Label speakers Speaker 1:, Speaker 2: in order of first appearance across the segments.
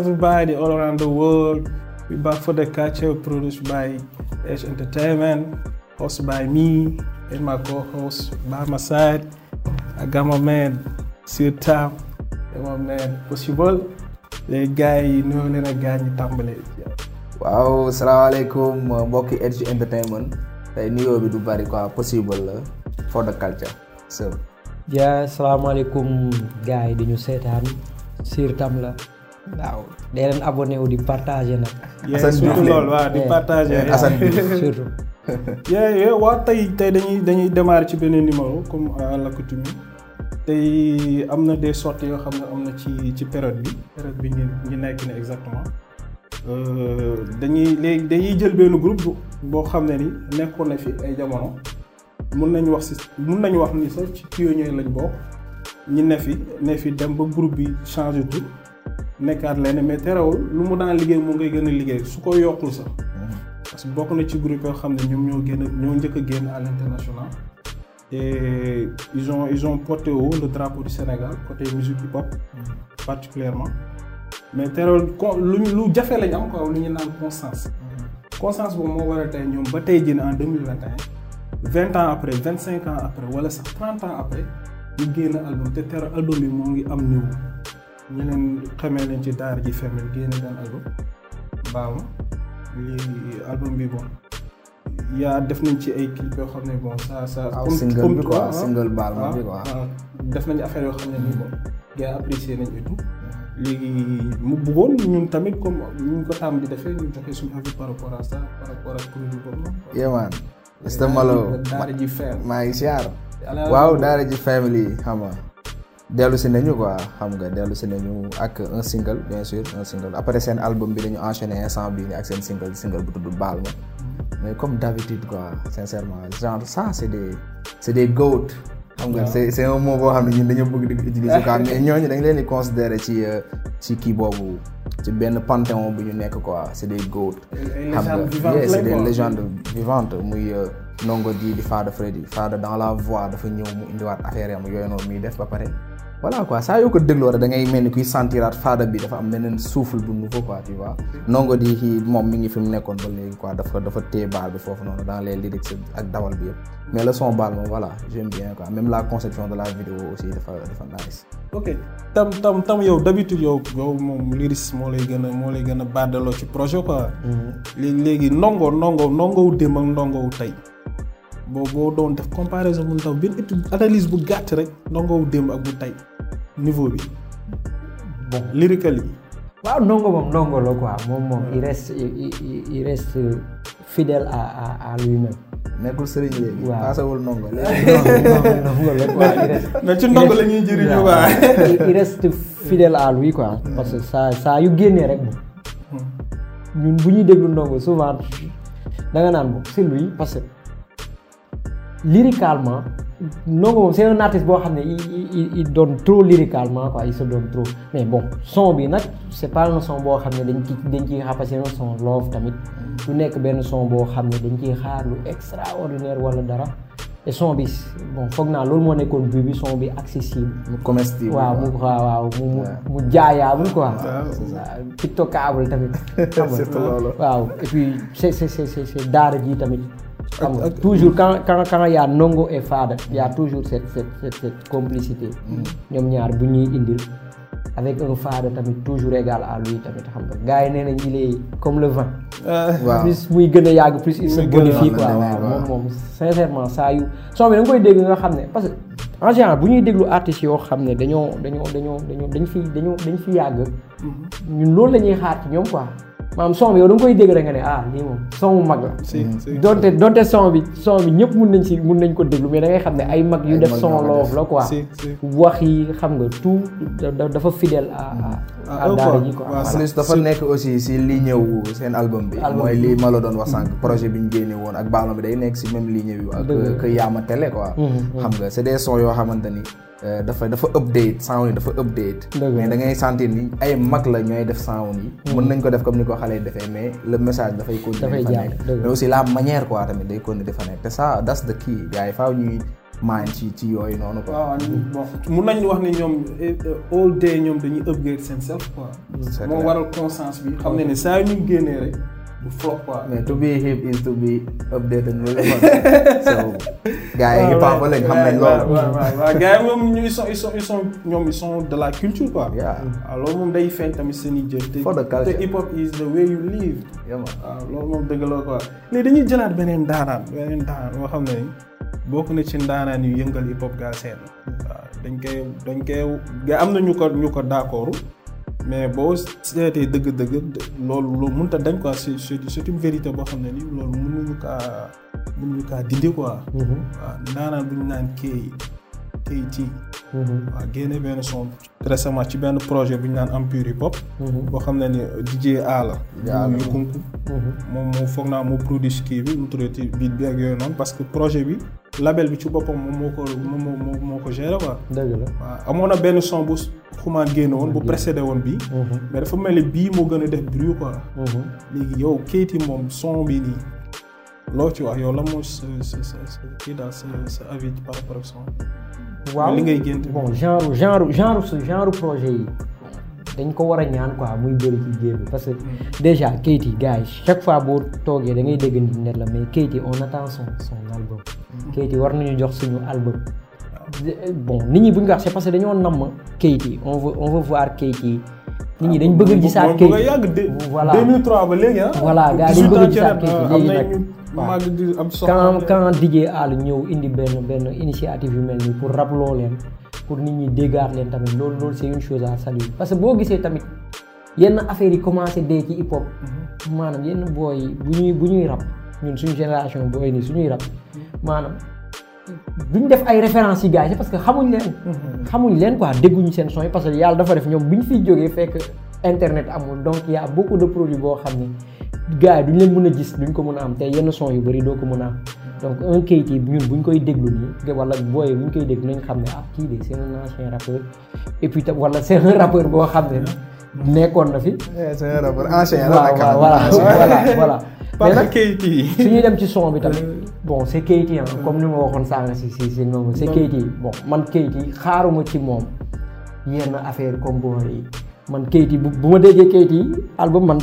Speaker 1: everybody all around the world. We're back for the culture produced by Edge Entertainment, hosted by me and my co by my side. I got my man Sirta and Possible. Les gars yi noo leen a gars ñi tàmbalee.
Speaker 2: waaw salaamaaleykum uh, mbokki Edge Entertainment tey nuyoo bi du bari quoi Possible la uh, for the culture so.
Speaker 3: ja salaamaaleykum gars yi di ñu seetaan Sirtam la. waaw de leen abonné wu di partagé nag. Assane Diouf surtout loolu waaw di eh, partagé. Eh, Assane Diouf
Speaker 1: tey tey dañuy dañuy démarrer ci beneen numéro comme à la coutume tey am na des sorties yoo xam ne am na ci ci période bi période bi ñu ñu nekk ne exactement euh, dañuy léegi dañuy jël benn groupe boo xam ne ni nekkoon na fi ay jamono mun nañu wax si mun nañu wax ni sax ci pionnier lañ bokk ñu ne fi ne fi dem ba groupe bi changé tout nekkaat leneen mais terewul lu mu daan liggéey mu ngay gën a liggéey su ko yokkul sax. parce bokk na ci groupe yoo xam ne ñoom ñoo génn ñoo njëkk génn à l'international. et ils ont ils ont porté haut le drapeau du Sénégal côté musique hip hop. particulièrement mais terewul con lu jafe lañ am quoi lu ñu naan constance. constance boobu moo waral tey ñoom ba tey jii en deux mille vingt et un vingt ans après vingt cinq ans après wala sax trente ans après ñu génn album te terewul album bi moo ngi am niveau. ñu leen xamee leen ci daara ji femel génne leen album baama lii album bi bon yaa def nañ ci ay clip yoo xam ne bon ça ça. Ah, comme single ah. ah, bi quoi single baal ma def nañ affaire yoo xam ne nii bon mm. mu bëggoon ñun tamit comme ko tàmm di defee ñu joxe suñu eh, daara ji maa ngi
Speaker 2: siyaar waaw daara ji family xam nga dellu si nañu quoi xam nga dellu si nañu ak un single bien sûr un single après seen album bi dañu enchaîner instant bii nii ak seen single single bu tudd baal ma mais comme d'habitude quoi sincèrement genre ça c'est des c'est des goat xam nga c'est un mot boo xam ne ñun dañoo bëgg di ñooñu dañ leen di considérer ci euh, ci kii boobu ci benn panthéon bu ñu nekk quoi c'est des goat xam nga c'est des légendes vivantes muy euh, Ndongo di di Fada Freddy Fada dans la voix dafa ñëw mu indiwaat affaire yam yooyu noonu muy def ba pare voilà quoi saa yoo ko dégloo rek da ngay mel ni kuy sentiraat faada bi dafa am leneen souffle bu nouveau quoi tu vois nongo di kii moom mi ngi fi mu nekkoon ba léegi quoi dafa dafa téye baal bi foofu noonu dans les lyrics ak dawal bi yëpp mais le son baal moom voilà j'aime bien quoi même la conception de la vidéo aussi dafa dafa nice
Speaker 1: ok tam tam tam yow d'habitude yow yow moom lyrics moo lay gën a moo lay gën a baadaloo ci projet quoi mm-hmm. léegi léegi nongo nongo nongowu démb ak nongowu tey boo boo doon def comparaison bu taw benn étude analyse bu gàtt rek ndongo démb
Speaker 3: ak bu tey niveau bi bon lyrical yi. waaw ndongo moom ndongo la quoi moom moom il reste il reste fidèle à nekkul sëriñ léegi. waaw paasawul ndongo mais ci ndongo la ñuy quoi. parce que saa saa yu génnee rek moom. Hmm. ñun bu ñuy déglu ndongo souvent da naan moom c'est lui parce lyricalement Ndongo moom c'est un boo xam ne il il donne trop lyricalement quoi il se donne trop mais bon son bi nag c'est pas son boo xam ne dañ ci dañ ciy xapase son love tamit su nekk benn son boo xam ne dañ ciy xaar lu extraordinaire walla dara son bi bon foog naa loolu moo nekkoon but bi son bi accessible. mu comestible waaw mu waaw mu mu jaayaabul ci tiktokable tamit. surtout loolu waaw et puis c'est c'est c'est daara ji tamit. xam nga toujours quand quand quand y a Ndongo et Fada y a mm. toujours cette cette cette cette complicité. Mm. ñoom ñaar bu ñuy indil. avec un Fada tamit toujours égal à lui tamit xam nga gars yi nee nañ il comme le vin. Ah. waaw plus muy gën a yàgg plus il se bonifie moom moom sincèrement saa yu. soo bi da nga koy dégg nga xam ne parce que en général bu ñuy déglu artistes yoo xam ne dañoo dañoo dañoo dañoo dañ fi dañoo dañ fi yàgg. Mm-hmm. ñun loolu la ñuy xaar ci ñoom quoi. maanaam son bi yow da koy dégg rek ne ah lii moom son bu mag la. si si donte son bi son bi ñëpp mun nañ si mun nañ ko déglu mais da ngay xam ne ay mag yu def son loof la quoi. wax yi xam nga tout dafa fidèle a à mm-hmm. ah, daara ji quoi. plus dafa nekk aussi
Speaker 2: si lii ñëw seen album bi. mooy li ma la doon wax sànq mm-hmm. projet bi ñu génne woon ak ballon bi day nekk si même ligne bi. ak euh, que yaama télé quoi. Mm-hmm. xam nga c'est des yoo xamante ni. Euh, dafa dafa update sound yi dafa update mais da ngay sentir ni ay mag la ñooy def sound yi hmm. mën nañ ko def comme ni ko xale yi defee mais le message dafay continuer fa nekk mais aussi la manière quoi tamit day continuer fa nekk te ça that's the key gars yi faaw ñuy maan ci ci yooyu noonu quoi. waaw ah,
Speaker 1: bon mun nañu wax ne ñoom eh, all day ñoom dañuy upgrade seen self quoi moo waral conscience bi xam ne ne saa yu ñu génnee rek flop quoi.
Speaker 2: mais to be hip is to be updated so loolu. waaw waaw gars yi
Speaker 1: moom ñu ils sont ils sont ils sont ñoom ils sont de la culture quoi. waaw loolu moom day feeñ tamit seen i jëf. for the culture te hip is the way you live. waaw loolu moom dëgg la quoi. léegi dañuy jëlaat beneen daanaan beneen daanaan boo xam ne bokk na ci ndaanaan yu yëngal hip gaa seen. waaw dañ koy dañ koy am na ñu ko ñu ko d'accord. mais boo seetee dëgg-dëgg loolu loolu mun a dañ quoi c'est c'est une vérité boo xam ne nii loolu mënuñu kaa mënuñu kaa dindi quoi. Mm-hmm. waaw naanaan bu ñu naan kii t ci. waaw génne benn son récemment ci benn projet bu ñu naan Empire Hip Hop. Mm-hmm. boo xam ne ni DJ A la. ñu ngi kunku mm-hmm. moom moo foog naa moo produit kii bi mu tuddati beat bi ak yooyu noonu parce que projet bi. label bi ci boppam moom moo ko moom moo moo ko géré dëgg la waaw amoon na benn son bu xumaan génne woon bu précédé woon bii. Mm-hmm. mais dafa mel ni bii moo gën a def bruit quoi. Mm-hmm. léegi yow Keyti moom son bi loo ci wax yow la mooy sa sa sa kii daal sa sa avis par rapport ak son waaw li genre
Speaker 3: genre genre genre dañ ko war a ñaan ko muy bëri ci géej bi parce que mm. déjà Keyti gars yi chaque fois boo toogee da ngay dégg nit ne la mais Keyti on attend son kayit war nañu jox suñu album. bon nit ñi bu ñu ko wax c'est parce que dañoo namm kayit yi on veut on veut voir kayit yi. nit ñi dañ bëgg a gisaat kayit
Speaker 1: yi voilà 2003 ba léegi a gisaat kayit yi léegi nag
Speaker 3: quand ñëw indi benn benn initiative yu mel nii pour rabloo leen pour nit ñi déggaat leen tamit lool loolu c'est une chose à saluer parce que boo gisee tamit yenn affaires yi commencé dee ci hip hop mhm. maanaam yenn booy bu ñuy bu ñuy rap ñun suñu génération booy nii suñuy rap maanaam duñ def ay références yi gars yi parce que xamuñ leen. Mhm. xamuñ leen quoi dégguñu seen son yi parce que yàlla dafa def ñoom ñu fiy jógee fekk internet amul donc y' a beaucoup de produits boo xam ne gars yi duñ leen mën a gis duñ ko mën a am te yenn son yu bëri doo ko mën a am. donc un kayit yi ñun buñ koy déglu nii wala booyee buñ koy dégg nañu xam ne ah kii de c' est un ancien rappeur et puis tam wala c' est boo xam ne nekkoon na fi. Eh, c' est voilà voilà. mais nag su ñuy dem ci son bi tamit bon c' est Keyti comme ni ma waxoon sànq si si si noonu c' est Keyti bon man Keyti xaaruma ci moom yenn affaire comme yi man Keyti bu bu ma déggee Keyti album man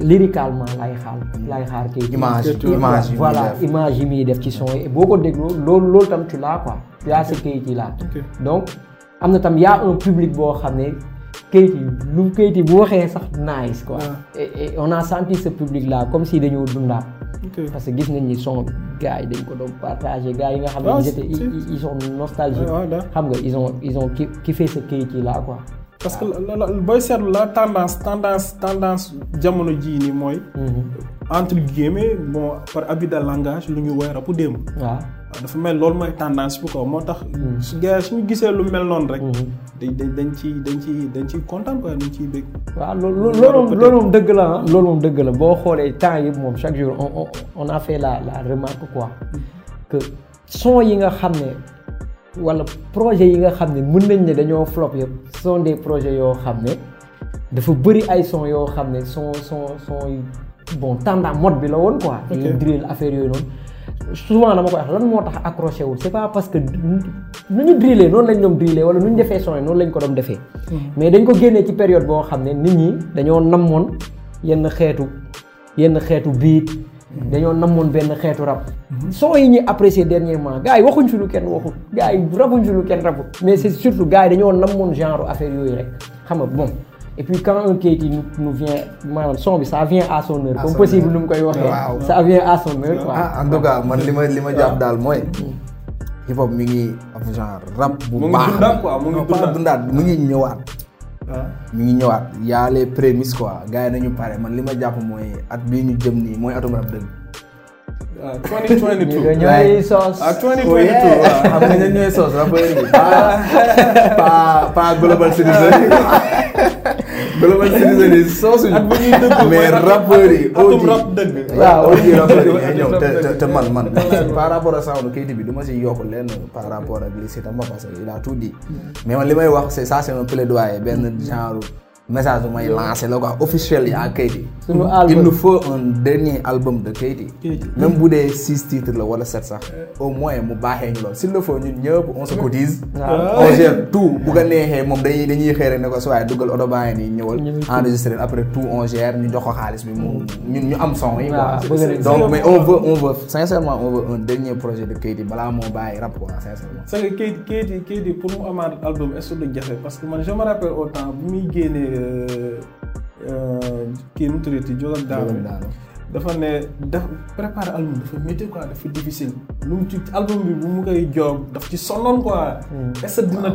Speaker 3: lyricalement lay xaar lay xaar Keyti. image image image yi muy def ci son boo ko dégloo loolu loolu tam tu l'as quoi tu as ce Keyti donc am na tam y' public boo xam ne. kayit yi lu kayit yi bu waxee sax nice quoi. et on a senti ce public là comme si dañoo dundaat. parce que gis nañ ni son gars yi dañ ko doon partagé gars yi nga xam ne ils ils sont nostalgiques. xam nga ils ont ils ont kiffé ce kayit yi là quoi.
Speaker 1: parce que booy seetlu la tendance tendance tendance jamono jii nii mooy. Mhm. entre guillemets bon par habit de langage lu ñu woy rapu démb. waaw dafa mel loolu mooy tendance bi quoi moo tax. Mm-hmm. su gars suñu gisee lu mel noonu rek. Mm-hmm. dañ dañ ci dañ ci dañ ciy kontaan quoi dañ ciy bëgg. waaw loolu loolu loolu moom
Speaker 3: dëgg la ah loolu moom dëgg la boo xoolee temps yëpp moom chaque jour on on a fait la la ko quoi que son yi nga xam ne. wala projet yi nga xam ne mun nañ ne dañoo flop yëpp sont des projet yoo xam ne dafa bëri ay son yoo xam ne son son son bon tendance mode bi la woon quoi. ok drill affaire yooyu noonu. souvent dama koy wax lan moo tax accroché wu c' pas parce que nu ñu drillé noonu lañ doon drillé wala nu ñu defee son noonu lañ ko doon defee. Hmm. mais dañ ko génnee ci période boo xam ne nit ñi dañoo namoon yenn xeetu yenn xeetu biit. Hmm. dañoo namoon benn xeetu rab. Hmm. son yi ñuy apprécié dernièrement gars yi waxuñ fi lu kenn waxul gars yi rabuñ fi lu kenn rabul mais c' est surtout gars yi dañoo namoon genre affaire yooyu rek xam nga bon. et puis quand un keyti nous nous vient maanaam son bi ça vient à son heure. comme possible nu mu koy waxee. waaw ça vient à son heure. ah en tout man li ma li ma jàpp
Speaker 2: daal mooy. hip hop mi ngi am genre rap bu baax. mu ngi dundaat quoi mu ngi dundaat mu ngi ñëwaat. Ah. mi ngi ñëwaat y a les prémices quoi gars yi nañu pare man li ma jàpp mooy at bii ñu jëm nii mooy atum rap dëgg.
Speaker 1: ah 2022
Speaker 2: ñooy
Speaker 3: sos. ah 2022 waaw
Speaker 2: xam nga ñooy sos rappeur bi. pas pas global bala may civilisé soosu ñu. mais rappeurs yi. atum te man man. par rapport ak sound Keyti bi du ma si yokk lenn par rapport ak li Siteu ma parce que il a tout dit. mais man li may wax c'est ça c'est un plaidoyer benn genre. message bu may lancé la quoi officiel yi ak Keity. suñu album il nous faut un dernier album de Keity. même bu dee six titres la wala sept sax. au moins mu baaxee ñu lool s'il le faut ñun ñëpp on se cotise. tout bu neexee moom dañuy dañuy xëy ko su waaye duggal oto baa ngi ñëwal. enregistré après tout on ñu jox ko xaalis bi mu ñu am son yi. donc mais on veut un dernier projet de Keity balaa moo bàyyi rap quoi sincèrement.
Speaker 1: parce que Keity Keity pour mu amaat Euh, euh, kii nu mu tuddati Jolof Daaro dafa ne def préparer album dafa métti quoi dafa difficile lu mu ci album bi bu mu koy joom daf ci sonnoon quoi. Hmm. est-ce que dina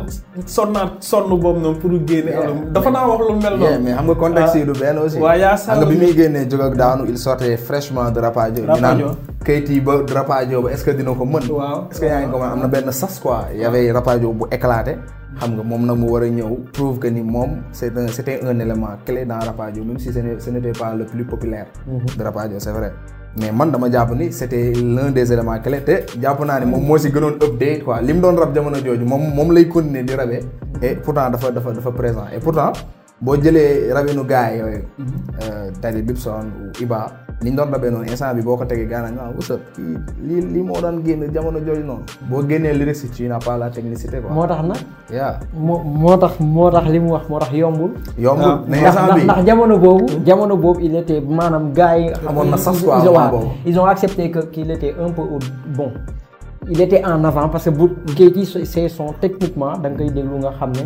Speaker 1: sonnaat sonn boobu noonu pour génne album dafa naa wax lu mel noonu. mais xam nga contexte ah. yi du benn aussi. waaw yaa sa bi muy
Speaker 2: génnee Jolof Daaro il sortait fraîchement de Rapadio. Rapadio kayit yi ba Rapadio ba est-ce que dina ko mën. waaw est-ce que yaa ngi ko mën am na benn sas quoi y avait Rapadio bu éclaté. xam nga moom nag mu war a ñëw prouve que ni moom c'est un c'était un élément clé dans Rapadio même si ce n'est ce n'était pas le plus populaire mhm. de c'est vrai mais man dama jàpp ni c'était l'un des éléments clés te jàpp naa ni moom moo si gënoon update quoi li mu doon rab jamono jooju moom moom lay continuer di rabee et pourtant dafa dafa dafa présent et pourtant boo jëlee rabinu gars yooyu mhm. euh, Tali Bibson ou Iba liñ doon rabee noonu instant bi boo ko tegee gaanaañ waaw wasa kii lii lii moo daan génn jamono jooju noonu boo génnee lyrics ci n'a pas la technicité quoi moo tax nag
Speaker 3: yaa moo moo tax moo tax li mu wax moo tax yombul yombul ah. mais instant ndax jamono boobu jamono boobu il était maanaam gars yi amoon na sas quoi que qu'il était un peu bon il était en avant parce que bu géej yi ses sons techniquement da nga koy déglu nga xam ne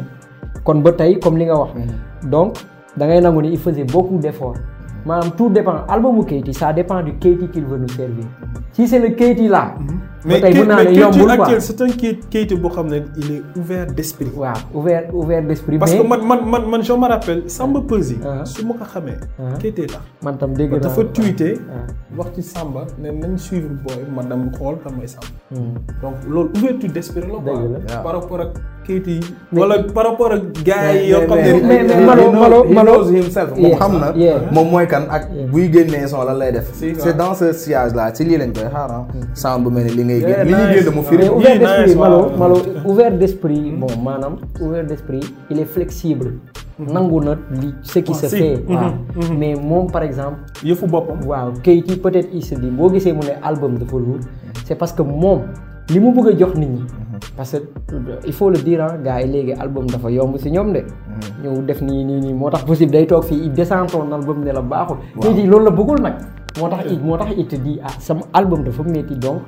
Speaker 3: kon ba tey comme li nga wax mm-hmm. donc da ngay nangu ni il faisait maanaam tout dépend albumu Keyti ça dépend du Keyti qu'il veut nous servir si c'est le Keyti là. Mhm. mais tey mën naa ne yombul quoi mais
Speaker 1: c'est un Keita boo xam ne il est ouvert d'esprit. waaw
Speaker 3: ouvert ouvert d'esprit. parce que man man
Speaker 1: man man je me rappelle Samba ah. Ah. su ma ko xamee. Ah. Keita la man tam dégg naa dafa tweeté. wax ci Samba na nañ suivre booy man dama xool kan mooy Samba. Hmm. donc loolu ouverture d'esprit la quoi. par rapport ak Keita yi. wala par rapport ak yoo xam ne. mais mais Malo Malo Malo himself moom xam na moom
Speaker 2: mooy kan ak buy génnee son lan lay def. c'est dans ce sillage ngay génn li ñuy génn mu firi ouvert d'esprit Malo Malo
Speaker 3: ouvert d'esprit bon maanaam ouvert d'esprit il est flexible mhm. nangu na li ce qui ah, se fait mhm, mhm. mais moom par exemple yëfu boppam waaw kayit yi peut-être il boo gisee mu ne album dafa lourd c'est parce que moom li mu bëgg jox nit ñi parce que il faut le dire ah yi léegi album dafa yomb si ñoom de. ñëw def nii nii nii moo tax possible day toog fii il descend ton album ne la baaxul. waaw loolu la bëggul nag. moo tax it moo tax it di ah sama album dafa métti donc.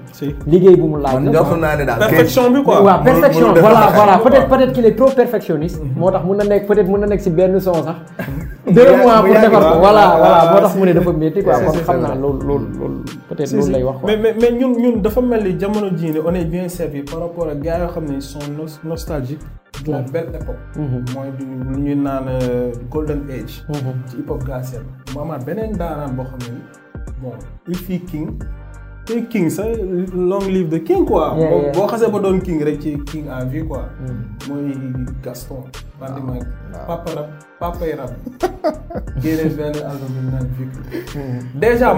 Speaker 3: liggéey bu mu laaj. man njort naa ne daal perfection bi quoi. waaw perfection voilà voilà peut être peut être trop perfectionniste. Mm-hmm. moo tax mun na nekk peut être mun na nekk si benn son sax.
Speaker 2: Mm-hmm. deux mois pour defar ko voilà
Speaker 3: voilà ah, moo tax mu ne dafa métti quoi kon xam naa loolu loolu dafa
Speaker 1: mel ni jamono jii ne on est bien servi par rapport ak gars yoo xam ne sont nostalgiques de la mm-hmm. belle époque. mooy lu ñuy naan euh, golden age. ci hip hop gaa seen. mu beneen daanaan boo xam ne. bon il fii king te king sa long live de king quoi boo xasee ba doon king rek ci king à vie quoi hmm. mooy Gaston papa rab papay rab génnee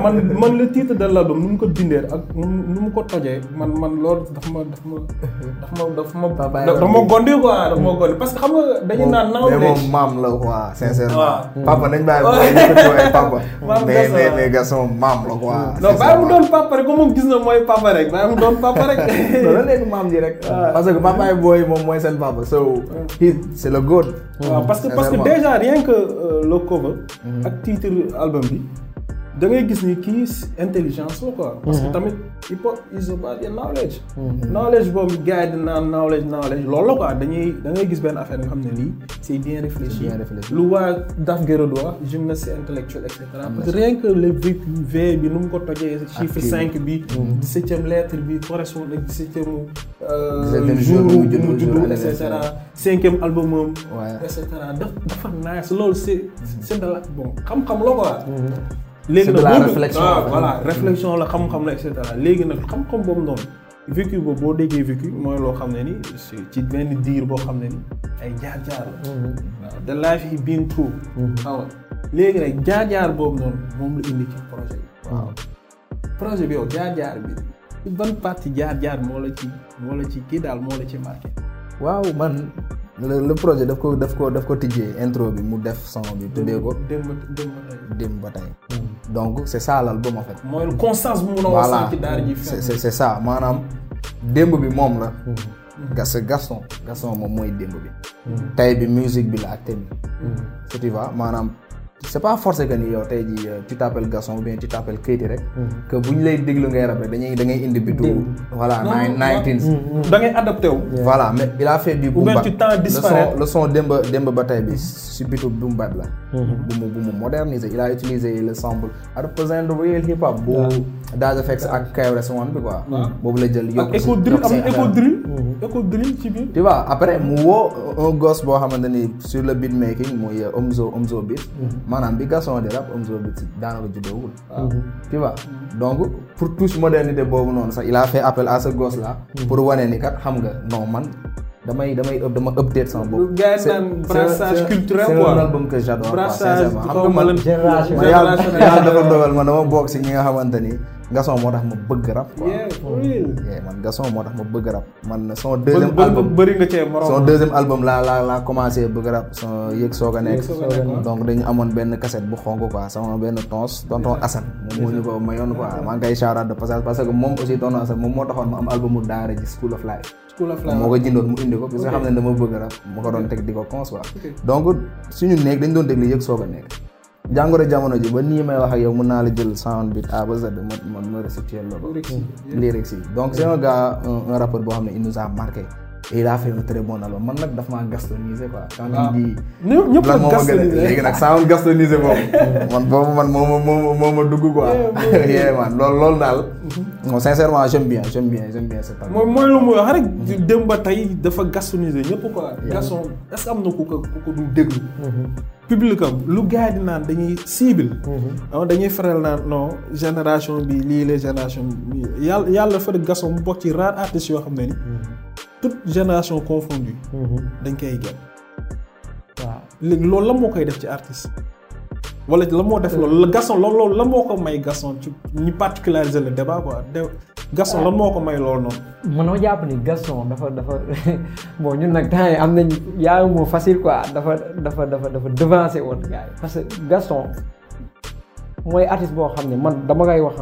Speaker 1: man man le titre de l'album nu ko bindee ak nu mu ko tojee man man loolu dafa ma dafa ma dafa ma dafa ma dafa ma gondi a dafa ma gondi
Speaker 2: parce que xam nga dañu naan naaw mais moom maam la quoi sincèrement papa nañ bàyyi booy ñu ko ay papa mais mais mais garçon maam la quoi non bàyyi mu doon papa rek moom
Speaker 1: gis na mooy papa rek bàyyi mu doon papa rek loolu léegi maam rek ah.
Speaker 2: parce que papa ay booy moom papa so c'est le good. Hmm. waaw parce que parce que déjà rien
Speaker 1: que euh, le cover. Hmm. ak titre album bi. da ngay gis ni kii intelligence la quoi. parce que mhm. tamit il faut ils ont pas de knowledge. Mhm. knowledge boobu gars yi knowledge knowledge loolu la quoi dañuy da ngay gis benn affaire nga xam ne lii c' est bien réfléchi. lu waa daf gërëm wax gymnastique intellectuelle et cetera. bi nu mu ko tojee. chiffre cinq bi. Mhm. dix-septième lettre bi correspond ak dix-septième. Euh, jour mu judd et cetera. cinquième album et cetera dafa dafa nice loolu c' est c' est de la bon xam-xam la quoi. léegi nag ah, voilà mm. réflexion la xam-xam la léegi nag xam-xam boobu noonu vécu boobu boo déggee vécu mooy loo xam ne ni ci benn diir boo xam ne ni ay jaar-jaar la. Mm-hmm. the life he been mm-hmm. ah, jaar-jaar boobu noonu moom la indi ci projet bi. waaw projet bi yow jaar-jaar bi ban partie jaar-jaar moo la ci moo la ci kii daal moo la ci marqué.
Speaker 2: waaw man. le projet daf ko daf ko daf ko tijjee intro bi mu def son bi. tuddee ko
Speaker 1: démb ba tey
Speaker 2: ba tey. Mm-hmm. donc c' est ça l'album en fait. mooy
Speaker 1: constance bu wax ci daara ji. voilà
Speaker 2: c' maanaam démb bi moom la. Mm-hmm. Mm-hmm. gas Gaston Gaston moom mooy démb bi. Mm-hmm. tey bi musique bi la ak thème
Speaker 3: bi.
Speaker 2: tu maanaam c' est pas forcé que ni yow tey ji euh, tu t' appelles Gaston ou bien tu t' appelles rek. que bu ñu lay déglu ngay rap rek dañuy da ngay indi bitu. voilà nineteens. da ngay adapté wu. voilà mais il a fait du. boom bap ou bien son le son démb ba tey bi si bitu boom bap la. Mm-hmm. bu mu bu mu moderniser il a utilisé le sample à représenter le real hip hop. bu Daz FX ak KRS One bi quoi. Ah. boobu la jël yokku si yokku am na écho
Speaker 1: drill. écho mm-hmm.
Speaker 2: biir. tu après mu woo un gosse boo xamante ni sur le beat making muy euh, Omzo Omzo beat. Mm-hmm. maanaam bi garçon di rap Omzo beat daanaka juddoowul. Ah. tu vois donc pour touche modernité boobu noonu sax il a fait appel à ce gosse là. pour wane ni kat xam nga non man. damay damay dama update sama bopp.
Speaker 1: gars yi naan brassage culturel quoi c'est un album que j'adore. brassage xam nga man génération yàlla dafa
Speaker 2: dogal man dama bokk si ñi nga xamante ni. Gasson moo tax ma bëgg rap quoi. man Gasson moo tax ma bëgg rap. man son deuxième album bëri nga cee son deuxième album laa laa laa bëgg rap. son yëg soog a nekk donc dañu amoon benn cassette bu xonk quoi sama benn tons tonton Assane moom moo ñu ko mayoon quoi maa ngi koy shout out de passage parce que moom aussi tonton Assane moom moo taxoon ma am albumu Daara ji School of Life. moo ko jëndoon mu indi ko parce que xam ne dama bëgg rap ma ko doon teg di ko cons quoi donc suñu nekk dañ doon déglu nekk jàngoro jamono ji ba nii may wax ak yow mën naa la jël sound bi A ba Z ma ma ma restitué loolu. lyrics yi donc c'est un gars un rappeur boo xam ne il nous a il a fait un très bon album man nag daf maa gastonisé ah.
Speaker 1: ñëpp ñëpp la gastonisé léegi nag
Speaker 2: saa woon gastonisé boobu man boobu man moo ma moo moo ma dugg quoi. Eh, yee man loolu daal. Mhm. non sincèrement j'aime bien bien j'aime bien cet album. mooy mooy
Speaker 1: lu mu ba tey dafa gastonisé ñëpp quoi. gaston est ku ko ku ko dul déglu. Mhm. public am lu gars di naan mhm. ah, dañuy faral naan génération bi lii la génération bi yàlla yàlla fa gaston mu bokk ci rare artistes yoo xam ne ni. toute génération confondue mhm. dañ koy gëm waaw léegi loolu la moo koy def ci artiste wala la moo def loolu la Gaston loolu loolu la moo ko may Gaston ci ñu particulariser le débat quoi Gaston la moo ko may
Speaker 3: loolu noonu. mënoo jàpp ni Gaston dafa dafa boo ñun nag temps am nañ yaa moo facile quoi dafa dafa dafa dafa devancer woon gars yi parce que Gaston mooy artiste boo xam ne man dama koy wax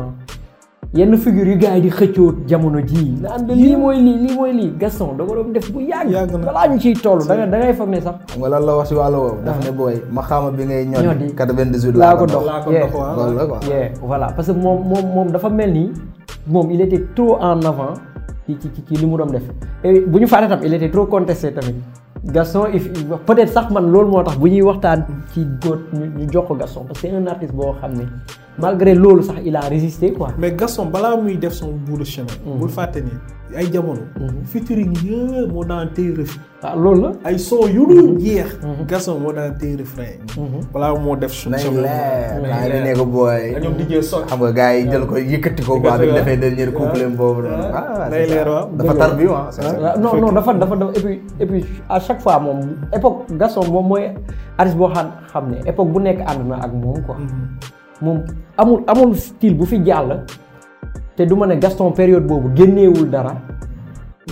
Speaker 3: yenn figure yu gars yi di xëccoo jamono jii. naan lii mooy lii lii mooy lii Gaston da ko doon def bu yàgg. yàgg na balaa ñu ciy toll da ngay da ngay foog ne sax. nga lan la wax parce que moom moom moom dafa mel ni moom il était trop en avant ci ci ci li mu doon def bu ñu fàtte tam il était trop contesté tamit. Gaston peut-être sax man loolu moo tax bu ñuy waxtaan ci góor ñu jox ko Gaston parce que c'est un artiste boo xam ne. malgré loolu sax il a résisté quoi. mais Gaston balaa muy def son bout de chemin. Mm-hmm. bul
Speaker 1: fàtte ni ay jamono. Mm-hmm. featuring yëpp moo daan téye refrain. Ah, loolu la ay son yu dul mm-hmm. jeex. Gaston moo daan téye refrain. balaa moo def suñu chemin. nañ leer
Speaker 2: nekk booy. dañoo xam nga gars yi jël ko yëkkati ko. waaw bi dafay dernier ah. couple boobu noonu. ah, ah nañ dafa tar
Speaker 3: dafa dafa dafa à chaque fois moom époque gason moom mooy artiste boo xam ne époque bu nekk ànd na ak moom quoi. moom amul amul style bu fi jàll te du ma ne Gaston période boobu génneewul dara.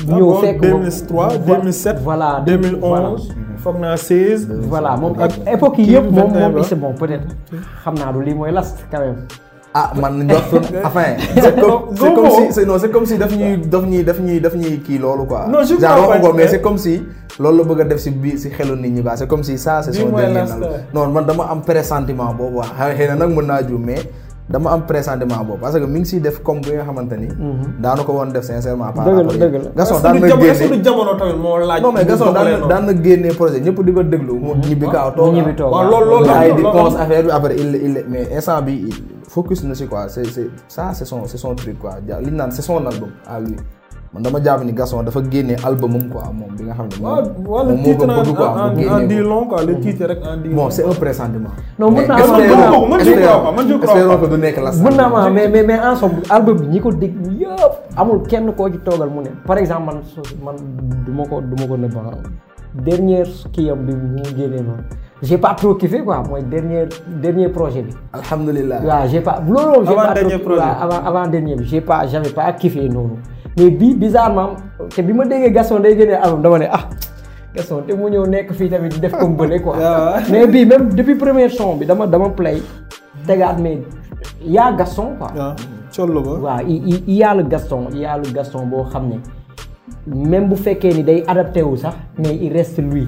Speaker 3: Ah ñëw fekk 2003 2007 voilà 2011 foog naa 16. voilà moom époque yi yëpp moom moom c'est bon peut-être xam naa du lii mooy last quand ah man ndox enfin c'est comme c'est comme si c'est non c'est
Speaker 2: ñuy daf ñuy daf ñuy kii loolu quoi. non je crois pas mais c'est comme si. loolu la bëgg a def si biir si xelu nit ñi quoi c'est comme si ça c'est son dernier man dama am pressentiment boobu waaw xëy na nag mën naa juum mais. dama am pressentiment boobu parce que mi ngi siy def comme bi nga xamante ni. Mhm. daanu ko woon def sincèrement. par rapport dëgg la Gaston daan na génne est-ce que
Speaker 1: jamono tamit moo laaj. non mais Gaston daan
Speaker 2: daan na génne projet ñëpp di ko déglu. mu mhm. ñibbi kaaw toog mu ñibbi toog waaw loolu loolu la di cons affaire bi après il il mais instant bi focus na si quoi c'est c'est ça c'est son c'est son truc quoi li ñu naan c'est son album à lui. man dama jàpp ni Gaston dafa génne album am quoi moom bi nga xam ne. waaw le titre
Speaker 1: en en dit
Speaker 3: long quoi le titre rek en dit long. bon c'est un pressentiment. non mën naa man espérons que du nekk la. mën naa ma mais mais en somme album bi ñi ko dégg yëpp amul kenn koo ci toogal mu ne. par exemple man man du ma ko du ma ko nëbba ah. dernière kii am bi mu génnee noonu. j'ai pas trop kiffé quoi mooy dernier dernier projet bi. alhamdulilah waaw j'ai pas. loolu j'ai pas trop avant dernier projet avant avant dernier bi j'ai pas j'avais pas kiffé noonu. mais bii bizarrement te bi ma déggee Gaston day génnee album dama ne ah Gaston te mu ñëw nekk fii tamit di def comme bële ko ah. mais bii même depuis premier son bi dama dama play tegaat mais yaa Gaston quoi. waa ah, coono la waaw i i i yàlla Gaston yàlla Gaston boo xam ne. même bu fekkee ni day adapté wu sax mais il reste lui.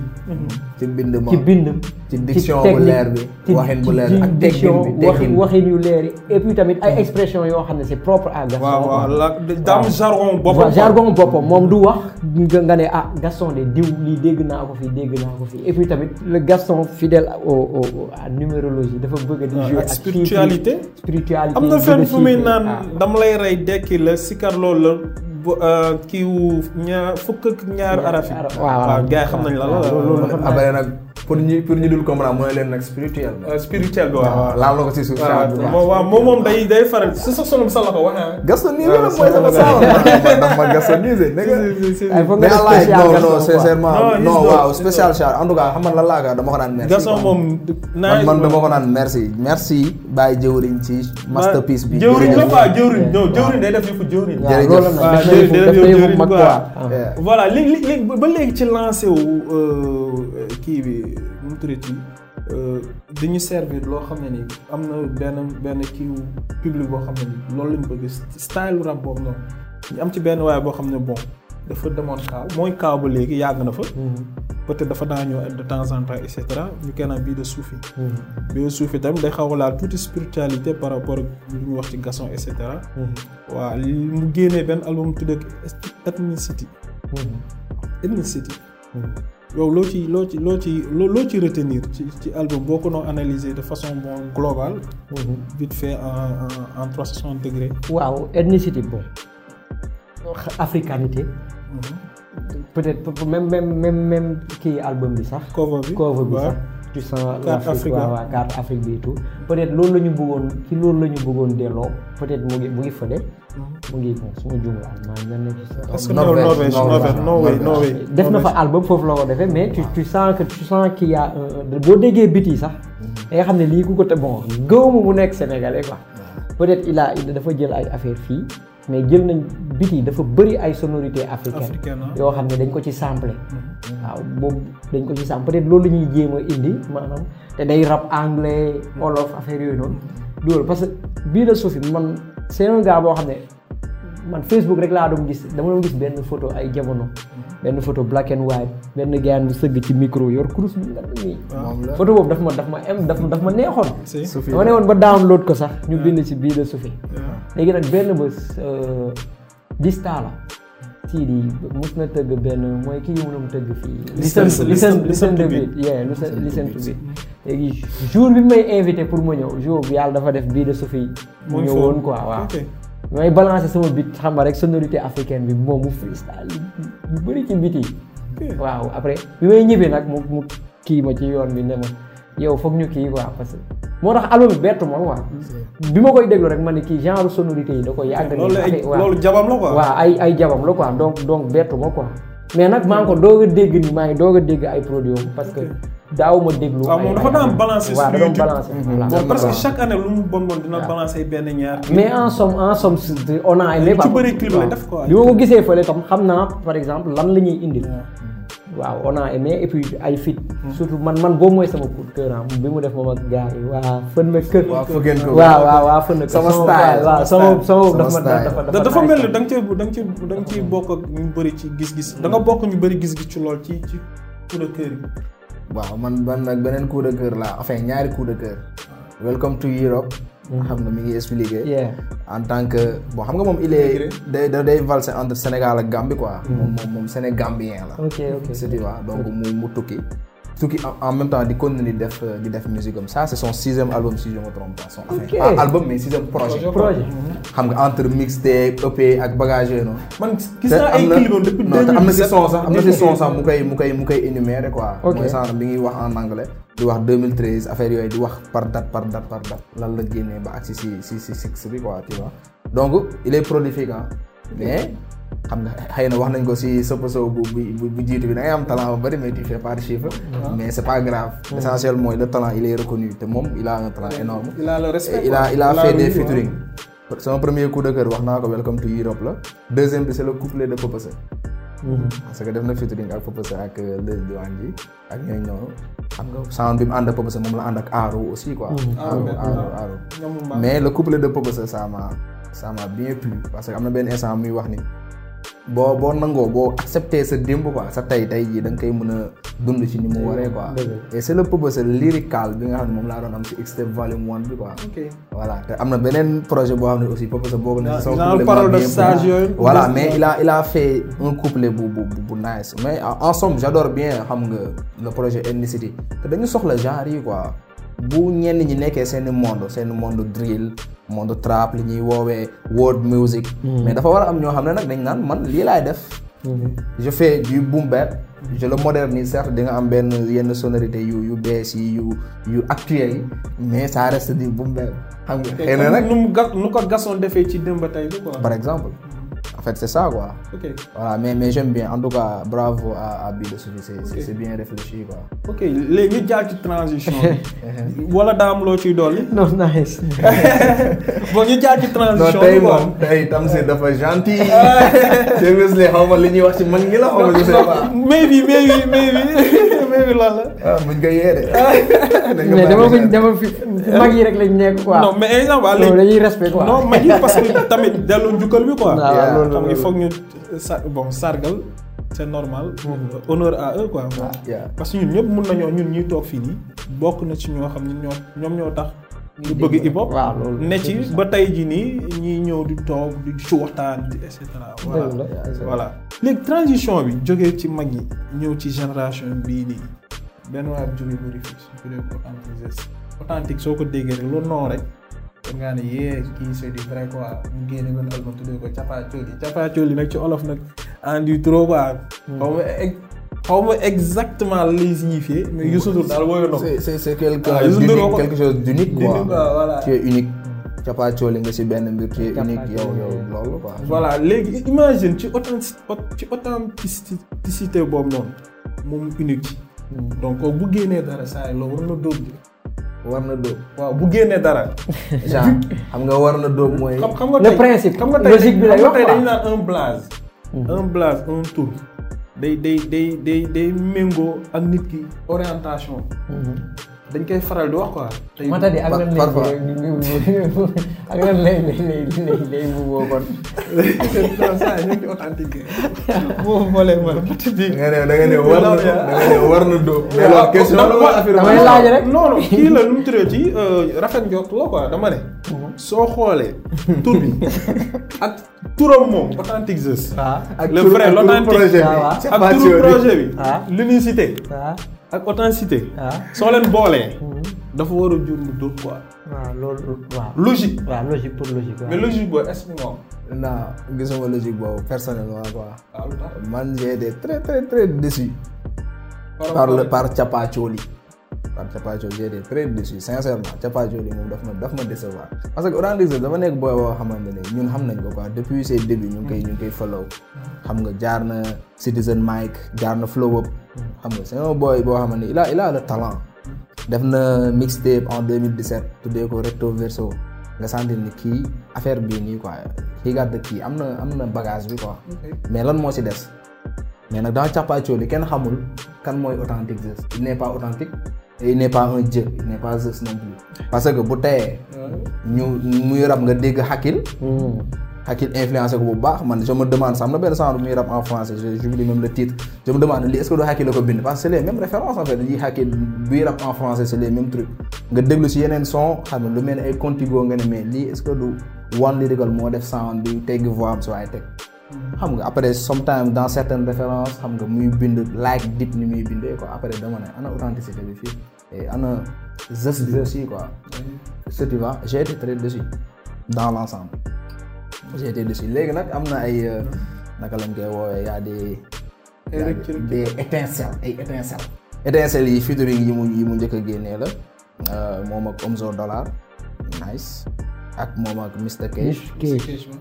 Speaker 3: ci bind ci bind. ci diction bu leer bi ci waxin bu leer ak diction waxin yu leer yi tamit ay mm. expression yoo xam ne si propre à Gaston. waaw waaw la daam jargon boppam. jargon boppam du wax nga ne ah Gaston de diw lii dégg naa ko fii dégg naa ko fii tamit le Gaston fidèle au au numérologie dafa bëgg di ah, jouer ak spiritualité spiritualité am na fenn fu muy naan ah.
Speaker 1: dama lay rey dekki la sikar loolu la. kii wu ñaar fukk ak ñaar araf yi. waaw waaw gars yi xam nañ la lool. loolu nag pour ñu pour ñu dul comprendre mooy leen nag spirituel. Euh, spirituel bi waaw waaw laal na ko si suuf. waaw waaw moom moom day day faral su sa sonum sa la ko waxee. Ah. gastonise la mooy sama saawa ma ma gastonise.
Speaker 2: ay foog nga spécial non non sincèrement non waaw spécial char en tout cas xam nga lan laa ko dama ko naan
Speaker 1: merci. gaston moom man man dama ko naan
Speaker 2: merci. merci Baye jëwriñ ci masterpiece bi. jëwriñ la quoi jëwriñ
Speaker 1: non jëwriñ day def yëfu jëwriñ. jërëjëf loolu nag jëwriñ quoi voilà léegi léegi ba léegi ci lancé wu euh, euh, kii bi. mu tuddati euh, dañu servir loo xam ne ni am na benn benn kii public boo xam ne ni loolu ko bëgg style rap boobu noonu ñu am ci benn waaye boo xam ne bon dafa demoon kaaw mooy kaaw ba léegi yàgg na fa. Mm-hmm. peut-être dafa daa ñëw de temps en temps et cetera ñu kenn bii de suufi. Mm-hmm. bii de suufi tamit day xaw a laal tuuti spiritualité par rapport ak lu ñu wax ci garçon et cetera. Mm-hmm. waaw mu génnee benn album tudd ak ethnicity. ethnicity. yow loo ci loo ci loo ci loo ci retenir ci ci album boo ko noo analyser de façon bon globale. Mhm.
Speaker 3: vite en en trois cent soixante degrés. waaw ethnicité bon. africanité.
Speaker 1: Mhm.
Speaker 3: peut-être même même même même kii album bi sax. cover bi cover bi sax. tu sens l'Afrique waaw waaw bi et peut-être loolu la ñu bëggoon ci loolu la ñu bëggoon delloo peut-être mu ngi mu ngi fële. mu ngi moom su ma juumul Allemagne nekk ci. parce que Norvège Norvège Norvège Norvège def na fa àll ba foofu la ko defee mais tu tu sens que tu sens qu'il y a euh, boo déggee biti sax da nga xam ne lii ku ko te bon gëwuma mu nekk sénégalais quoi. peut-être il a dafa jël ay affaire fii mais jël nañ biti dafa bëri ay sonorités africaines yoo xam ne dañ ko ci samplé mm-hmm. waaw boobu dañ ko ci samplé peut-être loolu la ñuy jéem a indi maanaam te day rap anglais mm-hmm. wolof affaire yooyu noonu dugal parce que bii la suufi man c'est un boo xam ne man Facebook rek laa doon gis dama doon gis benn photo ay jamono benn photo black and white benn gaan bu sëgg ci micro yor kurus bi nga nii ah. photo boobu daf ma daf ma em daf daf ma neexoon dama ne woon ba download ko sax ñu ah. bind ci bii de Soufi ah. léegi nag benn bés euh, dista kii di mos na tëgg benn mooy kii di mënum tëgg fii. listen listen listen to beat yeah listen to beat léegi jour bi may invité pour ma ñëw jour bi yàlla dafa def bii de su fi. mu ñëwoon quoi waaw. may balancer sama bit xam nga rek sonorité africaine bi moom mu freestyle yu bëri ci biti. waaw après bi may ñibbee nag mu mu kii ma ci yoon bi ne ma yow foog ñu kii quoi parce que moo tax album bi bett ma bi ma koy déglu rek ma ne kii genre sonorité yi da koy yàgg nii loolu jabam la ay ay jabam la quoi donc donc bettu ma quoi mais nag maa ngi ko doo a dégg ni maa ngi doog a dégg ay produits parce que daaw ma déglu. waaw moom dafa daan balancé sur YouTube waaw mhm. parce que
Speaker 1: chaque année lu mu bon bon dina balancé benn ñaar. mais en
Speaker 3: somme en somme on a aimé. li ma ko gisee fële tam xam naa par exemple lan la ñuy indil. waaw on a aimé et puis ay fit hmm. surtout man man boobu mooy sama coup de ah, bi mu def moom ak gars yi waa fën na kër waaw waaw waaw fën na sama style waaw sama sama dafa dafa dafa mel ni
Speaker 1: da nga ci da nga ci bokk ñu bëri ci gis-gis hmm. da bokk ñu bëri gis-gis ci lool ci ci coup de cœur yi
Speaker 2: waaw man man nag beneen coup de cœur la enfin ñaari coup de cœur welcome to Europe Mm-hmm. xam nga mi ngi expliqué. en tant que bon xam nga moom il est. day day valse entre Sénégal ak gàmbi quoi. Mm-hmm. moom moom moom Sénégambien la. ok ok tu vois donc mu mu tukki. surtout en même temps di continuer di def euh, di def musique am ça c'est son sixième album si trompe pas album mais sixième projet mhm. xam nga entre mixtape EP ak bagage yooyu noonu man gis naa am na si son sax am na son sax mu koy mu ko mu koy énumérer quoi mooy genre bi ngiy wax en anglais di wax 2013 affaire yooyu di wax par date par date par la génnee ba ak si si si il est prolifique mais xam nga xëy na wax nañ ko si soposo bu bu bu jiitu bi da ngay am talent ba bëri mais tu fais pas de chiffre. Ah. mais c' est pas grave. Hmm. essentiel mooy le talent te moom il a un talent hmm. énorme il a
Speaker 1: le respect il
Speaker 2: sama premier coup de cœur wax naa ko welcome to Europe la deuxième bi c' est le de Popose. Hmm. parce que def na featuring ak Popose ak euh, les diwaan ji ak ñooy ñooñu. xam nga sound bi mu ànd ak Popose moom la ànd ak Aaro aussi quoi. Aaro Aaro Aaro mais le couplet de Popose am na benn instant muy wax ni. boo boo nangoo boo accepté sa démb quoi sa tey tey jii da nga koy mën a dund ci ni mu waree quoi. et c' est le purpose lyrical bi nga xam ne moom laa doon am ci extrait volume one bi quoi. am na beneen projet boo xam ne aussi purpose boobu na. sans parole de sage yooyu. voilà mais il a il a fait un couplet bu bu bu nice mais en somme j'adore bien xam nga le projet Ethnicity te dañu soxla genre yi quoi bu ñenn ñi nekkee seen i seeni seen i drill. monde trap li ñuy woowee world music. Hmm. mais dafa war a am ñoo xam ne nag dañ naan man lii laay def. Hmm. je fais du boom bap je le modernise di nga am benn yenn sonorité yu yu bees yi yu yu actuel yi mais ça reste du boom bap xam nga xëy na nu
Speaker 1: mu ga nu ko gasoon defee ci démb tey quoi. par
Speaker 2: exemple. fait, c'est ça, quoi. Okay. Voilà, mais, mais j'aime bien. En tout cas, bravo à, à Bill C'est okay. bien réfléchi, quoi.
Speaker 1: OK. léegi ñu jaar ci transition wala daa am loo ciy dolli. non nice. bon ñu jaar ci transition bi quoi non tey moom
Speaker 2: tey tam c'est dafa gentil. seriously xaw ma li ñuy wax ci man ngi la xaw ma je sais pas.
Speaker 3: mais oui mais oui mais réew mi loolu la.
Speaker 1: waaw buñ ko yee de.
Speaker 3: mais dama buñ dama fi mag yi rek lañ nekk quoi. non mais exemple waaw léegi dañuy respect quoi. non parce que tamit
Speaker 1: delloo njukkal bi quoi. waaw xam nga foog ñu sa bon sargal. c'est normal honneur à eux quoi. parce que ñun ñëpp mun nañoo ñun ñuy toog fii nii. bokk na si ñoo xam ne ñoo ñoom ñoo tax. ñu bëgg hip hop ne ci ba tey ji nii ñuy ñëw di toog di ci waxtaan et cetera. voilà voilà léegi transition bi jógee ci mag ñi ñëw ci génération bii nii benn waay bu jógee ko Rufisque jógee ko authentique authentique soo ko déggee rek loolu noonu rek da ngaa ne yee kii c'est du vrai quoi mu génne benn album tuddee ko Capacoli Capacoli nag ci olof nag en du trop quoi. Hmm. xaw ma eh, xaw ma exactement lay signifier mais Youssou Ndour daal wooyoon na ko. c'est c'est quelque ah, quelque chose d'unique quoi
Speaker 2: voilà tu nga si benn mbir tu es unique yow yow loolu quoi.
Speaker 1: voilà léegi imagine ci authentici ci authenticité boobu noonu moom unique. Hmm. donc bu génnee dara saa yi loolu war na dóob bi. war na dóob. waaw bu génnee dara. genre xam nga war na dóob mooy. le principe logique bi la xam nga tey dañu naan un hmm. un blaze un tour. day day day day day méngoo ak nit ki orientation mm-hmm. dañ koy faral di wax quoi. tey par parfois ak lan lay lay lay lay lay bu booboon. non ça ñu ngi authentique. boobu moo lay mën a tudd. da nga ne da nga ne war na da nga ne war na dóor. mais loolu question la wala affaire damay laaj rek. non non kii la nu mu tëree ci euh, rafet njort la quoi dama ne. Mhm. soo xoolee tur bi ak turam moom authentique Zeus. Ah. ak le vrai l'authentique. ak turu projet bi. Ah, ah. l'unicité. ak authenticité. waaw ah. soo leen boolee. Hmm. dafa war a jur lu dul quoi. waaw ah, loolu waaw. logique. waaw logique pour logique. mais logique boobu est-ce que moom. non
Speaker 2: gisuma logique boobu personnellement quoi. Ah, man j'ai été très très très déçu. par le par cappaacoli. par Capathio j'ai été très déçu sincèrement Capathio moom daf ma daf ma décevoir parce que Oran Liggs dafa nekk booy boo xamante ne ñun xam nañ ko quoi depuis ses débuts ñu ngi koy ñu ngi koy follow xam nga jaar na Citizen Mike jaar na Flow Up xam nga c'est un booy boo xamante ne il a il a le talent def na mixtape en 2017 tuddee ko recto verso nga sentir ni kii affaire bii nii quoi kii gàtt kii am na am na bagage bi quoi mais lan moo si des mais nag dans Capathio li kenn xamul kan mooy authentique il n'est pas et il n'est pas un dieu il n'est pas Zeus non plus parce que bu teyee ñu muy rab nga dégg Hakill hmm. Hakill influencé ko bu baax man je me demande sax am na benn genre muy rap en français je j'oublie même le titre je me demande lii est-ce que du Hakill la ko bind parce c'est les mêmes références en fait yi Hakill buy rap en français c'est les mêmes trucs nga déglu si yeneen son xam ne lu mel ne ay contigo nga ne mais lii est que du One Lyrical moo def sound bi tegg voix am xam nga après sometimes dans certaines références xam nga muy bind like dit ni muy bindee quoi après dama ne ana authenticité bi fii et ana geste bi aussi quoi ce tu vois j'ai été très dans l'ensemble j'ai léegi nag am na ay euh, naka lañ koy woowee y a des des étincelles ay yi featuring yi mu yi njëkk a génnee la euh, moom ak Omzo Dollar nice ak moom ak Mr Cage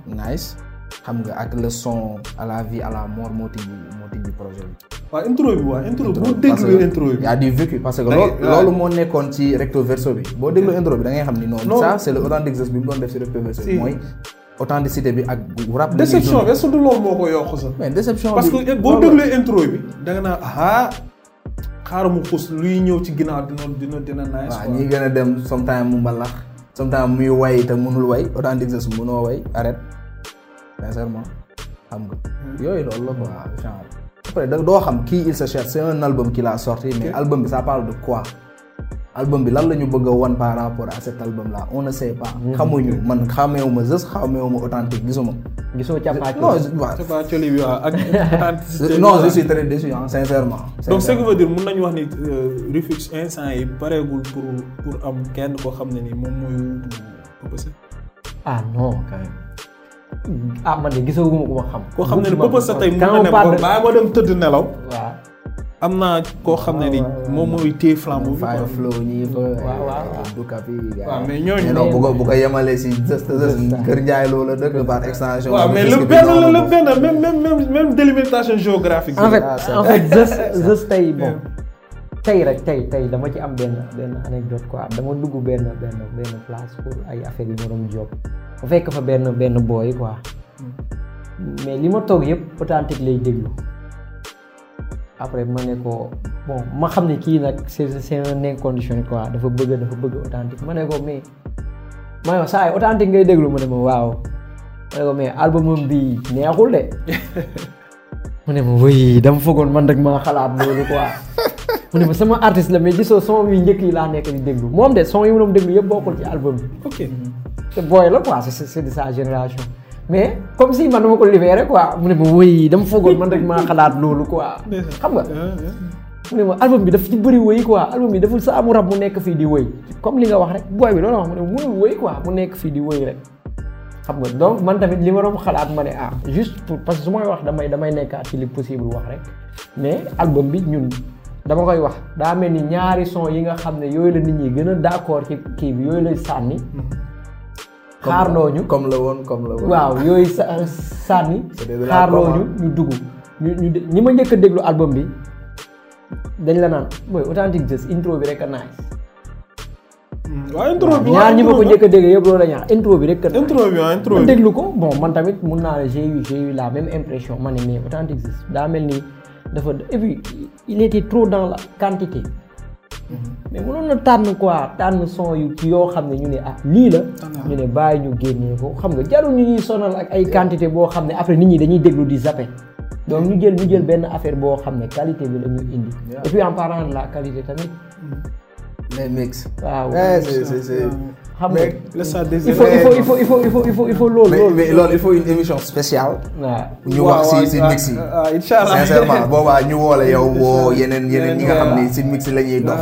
Speaker 2: nice xam nga ak leçon à la vie à la mort moo tijji moo tijji projet bi.
Speaker 1: waaw intro bi waaw intro bi.
Speaker 2: parce que loolu moo nekkoon ci recto verso bi boo déglu intro bi da ngay xam ni noonu. ça c' est le authentique geste
Speaker 1: bi mu doon def ci recto verso bi mooy. authenticité bi ak loolu moo ko yokk sax. mais déception boo déglee intro bi. da nga naan mu xus luy ñëw ci ginnaaw dina dina dina nice. waaw ñi gën a dem sometime mu mbalax sometime muy way
Speaker 2: te mënul way authentique geste mënoo way arrête. sincèrement xam nga. Hmm. yooyu loolu la quoi genre. après da doo xam kii il se cherche c'est un album qu'il a sorti mais album bi ça parle de quoi. album bi lan la ñu bëgg a par rapport à cet album là on ne sait pas. Hmm. xamuñu man xameewu ma Zeus xameewu ma authentique gisuma. gisoo cappaacoli non waaw
Speaker 1: cappaacoli bi waaw ak. non je suis très déçu ah sincèrement. donc ce qui veut dire mun nañu wax ni euh, Rufisque instant yi pour pour am kenn koo xam ne ni moom mooy.
Speaker 3: ah non quand même. ah man de gisaguma ku ko xam. koo xam ne ni Papa Sow tey mu ne ko baa ma
Speaker 1: dem tëdd nelaw. am naa koo xam ne ni moom mooy téye flambeau bi. fire flow ñii fa. waaw waaw du kapi waaw mais ñooñu. non bu ko bu ko yemalee
Speaker 2: si kër Ndiaye loola dëkk par extension. waaw mais le benn la
Speaker 1: benn même même même délimitation géographique. en fait ah, en fait
Speaker 3: tey rek tey tey dama ci am benn benn anecdote quoi dama dugg benn benn benn place pour ay affaire yu ma doon job bu fekk fa benn benn booy quoi mais li ma toog yëpp authentique lay déglu après ma ne ko bon ma xam ne kii nag c'est c'est un inconditionné quoi dafa bëgg dafa bëgg authentique ma ne ko mais ma ne ko saa yi ngay déglu mu ne ma waaw ma ne ko mais albumam bi neexul ne ma wëy dama foogoon man rek maa xalaat loolu quoi mu ne sama artiste mais gisoo son yu njëkk yi laa nekk di déglu moom de son yi mu doon déglu yëpp bokkul ci album bi. ok te mais comme si man dama ko libéré quoi mu ne ma woy dama foogoon man rek maa xalaat loolu quoi. xam nga. Ah, ah. mu ne ma bi daf ci bëri woy quoi album bi dafa sa amu rab mu nekk fii di woy comme li nga wax rek booy bi loolu wax mu ne mënul woy quoi mu nekk fii di woy rek. xam nga donc man tamit li ma doon xalaat ma ne ah juste pour parce que su may wax damay damay nekkaat ci li possible wax rek mais album bi ñun. dama koy wax daa mel ni ñaari son yi nga xam ne yooyu la nit ñi gën a d'accord ci kii bi yooyu lay sànni. xaarloo ñu comme la woon comme la waaw yooyu sa sànni. xaarloo ñu ñu dugg ñu ñu ñi ma njëkk a déglu album bi dañ la naan mooy authentique intro bi rek a nice.
Speaker 1: Mm, waaw ñaar ñi ma ko njëkk
Speaker 3: a dégg yëpp loolu la ñaar intro bi rek. intro bi waaw intro bi déglu ko bon man tamit mun naa la j'ai eu la même impression ma ne mais authentique daa mel nii dafa et puis il était trop dans la quantité mais mënoon na tànn quoi tànn son yoo xam ne ñu ne ah lii la ah, ñu ne ah. bàyyi ñu génnee ko xam nga jarul ñu ñuy sonal ak ay quantité boo xam ne après nit ñi dañuy déglu di zappé donc ñu jël ñu jël benn affaire boo xam ne qualité bi la ñu indi et puis en parlant la qualité tamit mm-hmm. les mix waaw ah, eh, c'est xam nga
Speaker 1: il faut il faut
Speaker 2: il faut il faut une émission spéciale. waaw ñu wax si si mix yi. incha boobaa ñu woo yow woo yeneen yeneen ñi nga xam ne si mix la ñuy dox.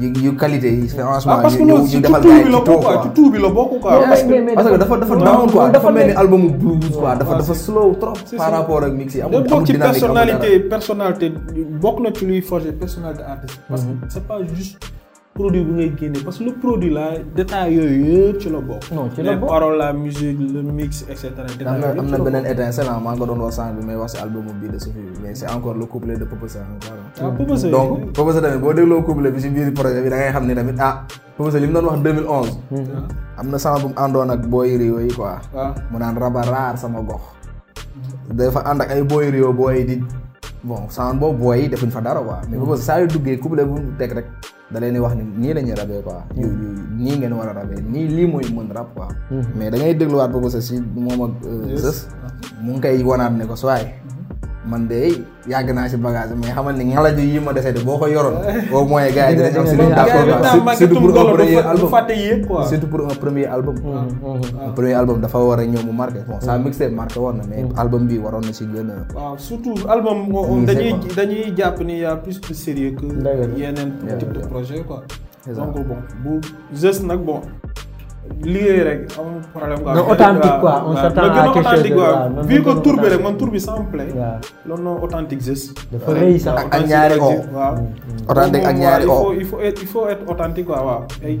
Speaker 2: yu yu qualité yi franchement. ñu ñu ñu defal gars yi ci
Speaker 1: taux quoi bokk quoi. parce
Speaker 2: que parce que dafa dafa down quoi dafa mel ni albumu
Speaker 1: blues quoi dafa dafa slow trop. par rapport ak mix yi amul amul dynamique amul dara. personnalité bokk na ci luy forger personnalité artiste. parce produit bu ngay génne parce que le produit là détail yooyu yëpp ci la bokk. ci la bokk les musique le mix et cetera. am na beneen étincelle ah
Speaker 2: maa ngi ko doon wax sànq bi may wax si album bi de Sophie mais c' est encore le couplet de Papa Sow. waaw ah, donc Papa tamit boo dégloo couplet bi si biir projet bi da ngay xam ne tamit ah Papa li mu doon wax 2011. Hmm. am na sama bu mu àndoon ak booy réew yi quoi. waaw ah. mu naan raba sama gox. dafa bon sans boobu booy defuñ fa dara quoi. mais boobu saa yu duggee couple bu teg rek da leen di wax ni nii la ñuy rabee quoi. nii ngeen war a rabee nii lii mooy mën rab quoi. Mhm. mais da ngay dégluwaat boobu sa si moom ak. Euh, sës mu ngi koy wanaat ne ko sooy. man de yàgg naa si bagage mais xamal ni ngalaju yi ma dese de boo ko yoroon au moins gars yi dinañ am si luñ d'accord surtout pour un premier album surtout pour un premier album un premier album dafa war a ñëw mu marqué bon ça mm. mixtape marqué woon na mais mm. album bi waroon na si gën a
Speaker 1: waaw surtout album dañuy dañuy jàpp ni y a plus de sérieux que yeneen type de projet quoi donc bon bu juste nag bon liggéey rek amul problème quoi. non authentique quoi on s'attend à quelque chose de waaw vu que tur bi rek man tur bi ça me plaît. waaw loolu noonu authentique geste. dafa ñaari o. waaw o. il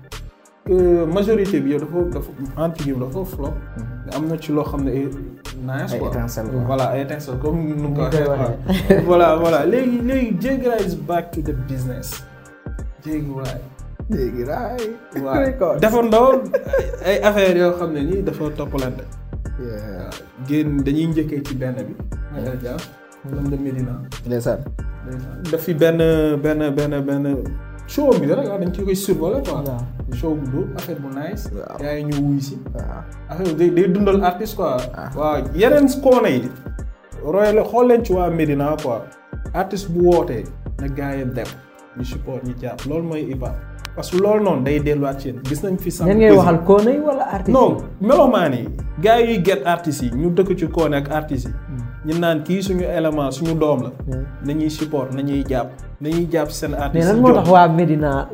Speaker 1: majorité bi yow dafa dafa entre guillemets dafa flop. Mhm. am na ci loo xam ne ay. naaj quoi ay étincelle voilà ay étincelle comme nu mu ko waxee. voilà léegi léegi Jéggi back to business. Jéggi Raay. ay affaires yoo xam ne nii dafa toppalante. génn dañuy njëkkee ci benn bi. Magal Dia. Lom de daf fi benn benn benn. show bi la rek ah, dañ koy survolé quoi. waaw show bu dóor affaire bu nice. waaw yaa ngi ñu wuy si. waaw affaire bi day dundal artiste quoi. Ah. waaw yeneen koona yi. roy xool leen ci waa Medina quoi artiste bu wootee na gars yi dem ñu support ñu jàpp loolu mooy Iba parce que loolu noonu day delluwaat ci yéen gis nañ fi. sànq ngay waxal koona yi
Speaker 3: wala artistes non
Speaker 1: melomaan yi gars yi get artistes yi ñu dëkk ci koone ak artistes yi. Hmm. ñu naan kii suñu élément suñu doom la. Hmm. nañuy support nañuy jàpp. dañuy jàpp seen artiste mais lan moo tax
Speaker 3: waa Medina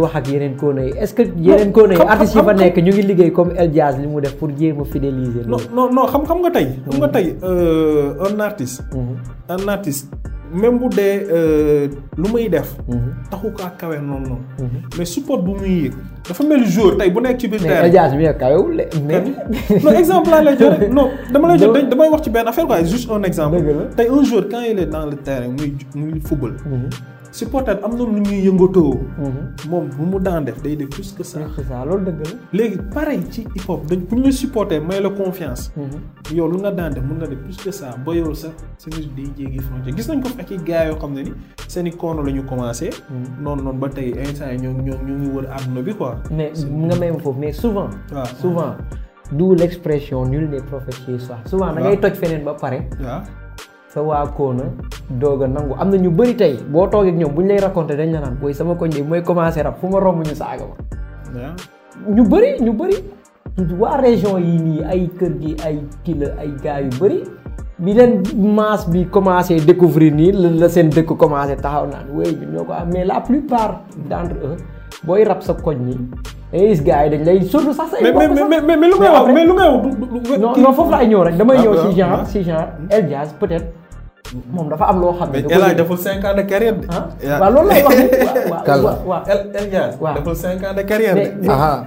Speaker 3: wax ak yeneen kóona yi est-ce que yeneen kóona yi artistes yi fa nekk ñu ngi liggéey comme El Jazz mu def pour jéem a fidéliser.
Speaker 1: non non xam xam nga tey. xam nga tey euh, un artiste. Mhm. un artiste. même bu dee euh, lu muy def. Mhm. taxu kaa kawe noonu noonu. Mhm. mais support bu muy yëg dafa mel jour tey bu nekk ci biir. terrain mais El Hadj kawewul non exemple laa lay joxe non dama lay joxe damay wax ci benn affaire quoi juste un exemple. tey un jour le terrain muy football. Mhm. supporter am na lu ñuy yëngatoo. Mhm. moom bu mu daan def day def plus que sa plus que ça loolu dëgg la. léegi pareil ci hip hop dañ bu ñu supporter may la confiance. Mhm. yow lu nga daan def mun nga def plus que ça ba yow sax sa musique day jéggi frontière gis nañ ko ak i gars yoo xam ne ni seen i kono la ñu commencé. noonu noonu ba tey instant yi ñoo ñoo ñoo ngi wër àdduna bi quoi. mais nga may
Speaker 3: ma foofu mais souvent. waaw ah, ah. souvent d'où l'expression nul n'est prophète chez soi. souvent da ngay toj feneen sa waa Kóona doog a nangu am na ñu bëri tey boo toogee ak ñoom bu ñu lay raconté dañ la naan booy sama koñ de mooy commencé rab fu ma romb ñu saaga
Speaker 1: ma.
Speaker 3: ñu bëri ñu bëri. waa région yi nii ay kër gi ay kila ay gars yu bëri. bi leen masse bi commencé découvrir nii la seen dëkk commencé taxaw naan wéy ñun ñoo ko am mais la plupart d'entre eux booy rab sa koñ nii. ay gis gars yi dañ lay surtout sax sa. mais mais mais mais lu ngay wax. non non foofu laay ñëw rek damay ah, ah. peut-être. moom dafa am loo xam ne. mais El Hadj deful cinq ans de carrière de. Ah,
Speaker 1: waaw loolu lay wax nii waaw waaw waaw. El Hadj deful cinq ans de ah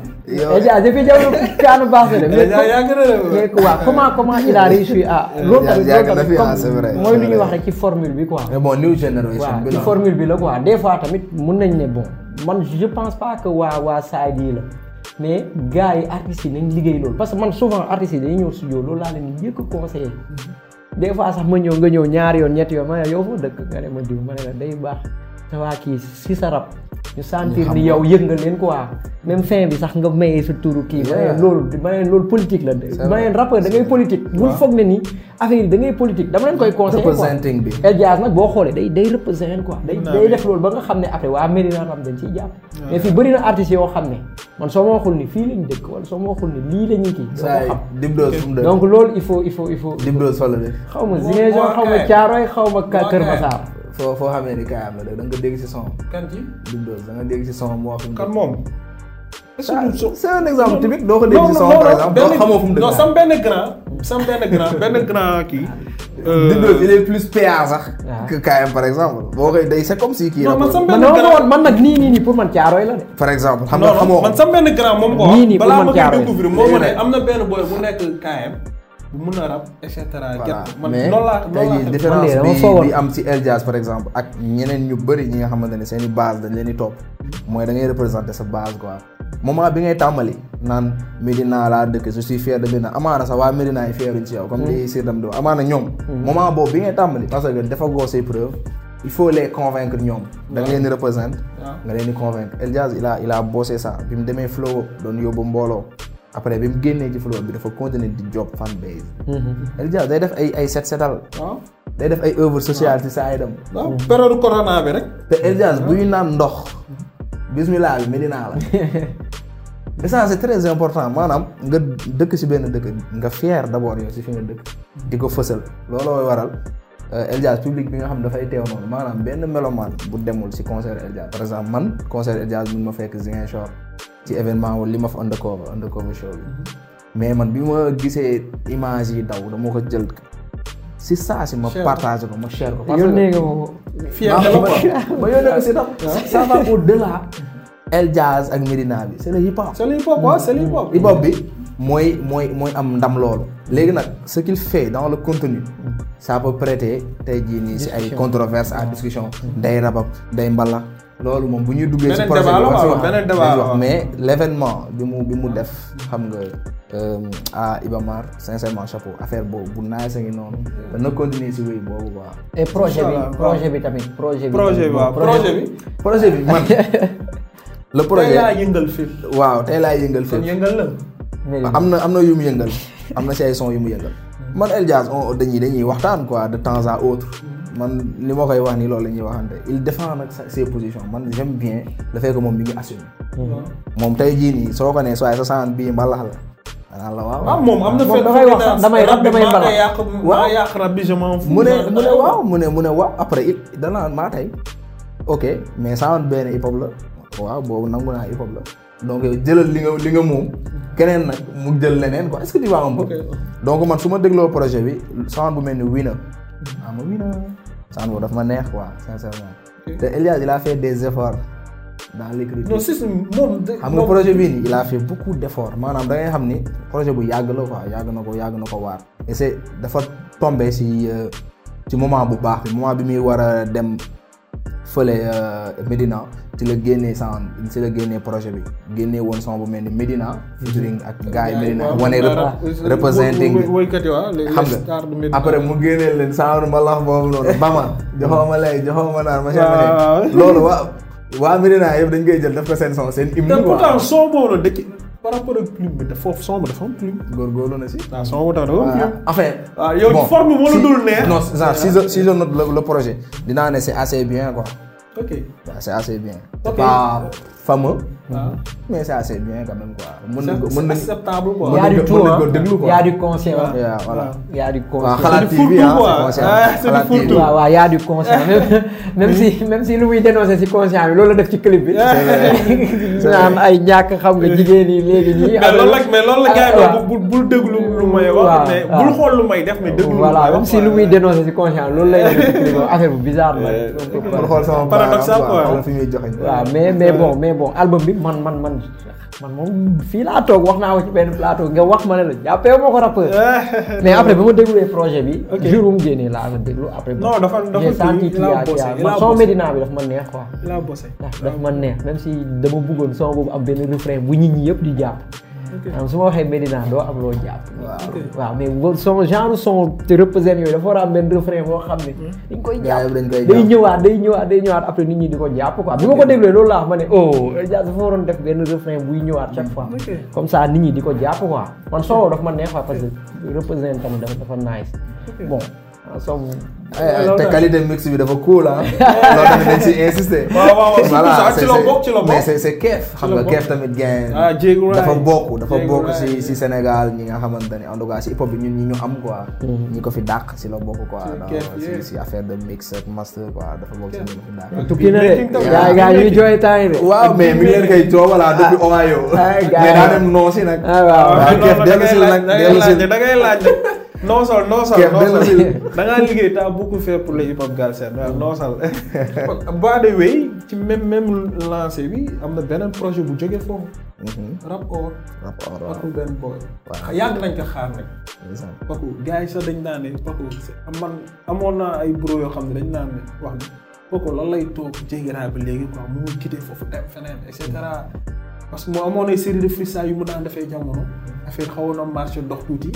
Speaker 3: yow a réussi à. loolu tamit loolu ah, mooy lu ñuy ci formule bi quoi. mais bon new bi la ci formule bi la quoi des fois tamit mun nañ ne bon man je pense pas que waa waa Saïd yi la. mais gars yi artistes yi nañ liggéey loolu parce que man souvent artistes yi dañuy ñëw studio loolu laa leen yëkk conseillé. des fois sax ma ñëw nga ñëw ñaari yoon ñetti yoo ma ne yow foo dëkk nga ne ma diw ma ne la day baax sa waa kii si sa ñu santir ni yow yëg nga leen quoi. même fin bi sax nga maye su turu kii. ma loolu ma loolu politique la. ma ne rappeur da ngay politique. bul foog ne ni affaire yi da ngay politique dama leen koy conseillé quoi représenting bi. El Diaz nag boo xoolee day def loolu ba nga xam ne après waa Medina Ram dañ ciy jàpp. mais fii bëri na artistes yoo xam ne man soo ma waxul ni fii lañ dëkk wala soo ma waxul ni lii la ñuy kii. saa yi donc loolu il faut il faut il faut. Dibdose fa la def. xaw ma Ziguinchor xaw ma
Speaker 2: Thiaroye xaw ma foo foo xamee ni kaayam la da nga dégg si son. kan ci Doudou da nga dégg si son moom. c'est un exemple typique doo ko dégg si son par exemple doo xamoo fu mu dëkk non sam
Speaker 1: benn grand sam benn grand benn grand kii. Doudou euh,
Speaker 2: ah. boo koy day c'est comme
Speaker 1: si kii. non man sam benn grand
Speaker 3: man nag nii nii nii pour man
Speaker 1: ne am na benn boy bu nekk KM. bu mun na rab et mais man noonu laa noonu bi am
Speaker 2: si El Jazz par exemple ak ñeneen ñu bëri ñi nga xamante ne seen i base dañ leen di topp. mooy da ngay représenter sa base quoi moment bi ngay tàmbali naan Medina laa dëkk je suis fier de Medina amaana sax waa Medina yi fieruñ ci yow. comme mm-hmm. li Sirdam do amaana ñoom. Mm-hmm. moment boobu bi ngay tàmbali. parce que dafa goo say preuve il faut les convaincre ñoom. da nga leen di représenter. nga leen di convaincre El Jazz il a il a bossé ça bi mu demee flow doon mbooloo. après bi mu génnee ci flow bi dafa continuer di job fan base. Mm-hmm. El day def ay ay set setal. waaw ah. day def ay œuvre sociale ci saa yi dem. waaw ah,
Speaker 1: période corona bi rek.
Speaker 2: te ah. buy naan ndox. bismillah bi Medina la. et ça très important maanaam nga dëkk si benn dëkk nga fier d'abord yow si fi nga dëkk. di ko fësal looloo waral. Euh, El Diaz public bi nga xam dafay teew noonu maanaam benn mélomane bu demul si concert El Diaz par exemple man concert El Diaz bu ma fekk Ziguinchor. ci événement li ma fa undercover undercover show mais man bi ma gisee image yi daw dama ko jël si saa si ma partagé ko ma share ko. ma ko.
Speaker 1: ko si ndax ah. ça va
Speaker 2: au delà. ak Medina bi c'est le hip hop. Mm. bi mooy mooy mooy am ndam loolu. léegi nag ce qu'il fait dans le contenu tey jii nii si ay controverse à discussion. Mm. day rabab day mbala. loolu moom bu ñuy duggee si projet bi wax mais l' événement bi mu bi mu def xam nga ah euh, Ibamar sincèrement chapeau affaire boobu bu naaj sa ngi noonu. te na continuer si wéy boobu quoi. et projet bi projet bi tamit projet bi. projet bi waaw projet bi. projet bi man. le tey laa yëngal fépp. waaw tey laa yëngal fépp. yëngal la. am na am na yu mu yëngal am na si ay son yu mu yëngal. man El Diaz on dañuy dañuy waxtaan quoi de temps à autre. Mm. man li ma koy wax nii loolu la ñuy waxante il défend nag ses positions man j'aime bien le fait moom mi ngi assumer. Mm-hmm. moom tey jii nii soo ko nee soo sa saan bii mbalax la. ah la moom am na fekk damay wax
Speaker 1: damay rab damay mbalax waaw yàq mu ne mu ne waaw
Speaker 2: mu ne mu ne waaw après it danaa maa tey ok mais saan benn hip hop la waaw boobu nangu naa hip hop la donc
Speaker 1: jëlal li nga li
Speaker 2: nga moom keneen nag mu jël leneen quoi est-ce que tu vois un peu donc man su ma dégloo projet bi saan bu mel ni Winner ama Winner Sane boobu daf ma neex quoi sincèrement. te Elias il a fait des efforts dans l'écriture. non si
Speaker 1: moom xam nga projet bii nii
Speaker 2: il a fait beaucoup d'efforts maanaam da ngay xam ni projet bu yàgg la quoi yàgg na ko yàgg na ko waar. et c'est dafa tombé si euh, ci moment bu baax bi moment bi muy war a dem. fële euh, Medina ci la génnee san ci la génnee projet bi génnee woon son bu mel ni Medina. featuring ak gars yi Medina wane representing xam nga après mu génnee leen sànq mbalax boobu noonu Bama joxoo ma lay joxoo loolu waa Medina yëpp dañ koy jël def ko seen son seen hymne. te pourtant
Speaker 1: son boobu da ci par rapport ak plume bi dafa foofu son si. waaw ah, boobu dafa enfin ah, bon yow la dul neex. non si
Speaker 2: si je note le projet dinaa ne c'est assez bien quoi. ok c'est assez bien. c'est pas fameux. Ah. mais c'est assez bien quand même quoi.
Speaker 1: mën nañu ko mën nañu acceptable quoi. y a du tout ah. y a
Speaker 3: du conseil ah. voilà ah, y a du conseil. waaw xalaat bi ah c'est du fourre-tout waaw waaw y a si même si lu muy dénoncé si conscient bi loolu la def ci clip bi. c'est am ay ñàkk xam nga jigéen yi léegi ñii. mais loolu la mais loolu la gars yi bu bu lu may wax. mais bul xool lu may def mais déglu. voilà même si lu muy dénoncé si conscience loolu lay def affaire bu bizarre la. Eh, bul xool sama paradoxal quoi wala fi mais mais euh. bon mais bon bi man ma man. man moom fii laa toog wax naa ko ci benn plateau nga wax ma ne la jàppee ma ko rappeur. mais après ba ma dégluwee projet bi. jour bu mu génnee laa ma déglu après. non dafa dafa senti kii yaa kii bi daf ma neex quoi. daf ma neex même si dama bëggoon son boobu am benn refrain bu nit ñi yëpp di jàpp. am su ma waxee Medina doo am loo jàpp. waaw waaw mais son genre son te représente yooyu dafa war a am benn refrain boo xam ne. dañ koy jàpp day ñëwaat day ñëwaat day ñëwaat après nit di ko jàpp quoi. bi ma ko déglee loolu laa ma ne oh Dia dafa waroon def benn refrain buy ñëwaat chaque fois. comme ça nit ñi di ko jàpp quoi man solo dafa ma neex quoi parce que représente dafa nice bon. song ay te qualité
Speaker 2: mix bi dafa cool ah. loolu tamit dañ si insister. la bokk ci la bokk mais c'est c'est keef xam nga keef tamit gain. dafa bokk dafa bokk si si Sénégal ñi nga xamante ne en tout si hip bi ñun ñi ñu am quoi. ñi ko fi dàq si la bokk quoi. si affaire de mix ak master quoi dafa bokk si ñi fi dàq. tukki na de gaa gaa ñuy jooy temps waaw mais mi ngi leen koy coow voilà depuis Ohio. mais
Speaker 1: daa dem nag. non sol non sol non sol da ngaa liggéey t'as beaucoup fait pour le hip hop galsen waaw non sol by way ci même même lancé bi am na beneen projet bu jógee foofu. Mhm. rap or. rap or waaw Paku benn boy. yàgg nañ ko xaar nag. Paku gars yi sax dañ naan ne Paku man amoon na ay bro yoo xam ne dañ naan ne wax ni Paku lan lay toog jéegiraay ba léegi quoi mu ngi quitté foofu dem feneen et cetera mm. parce que moo amoon ay série de freestyle yu mu daan defee jamono affaire xawoon na marché dox tuuti.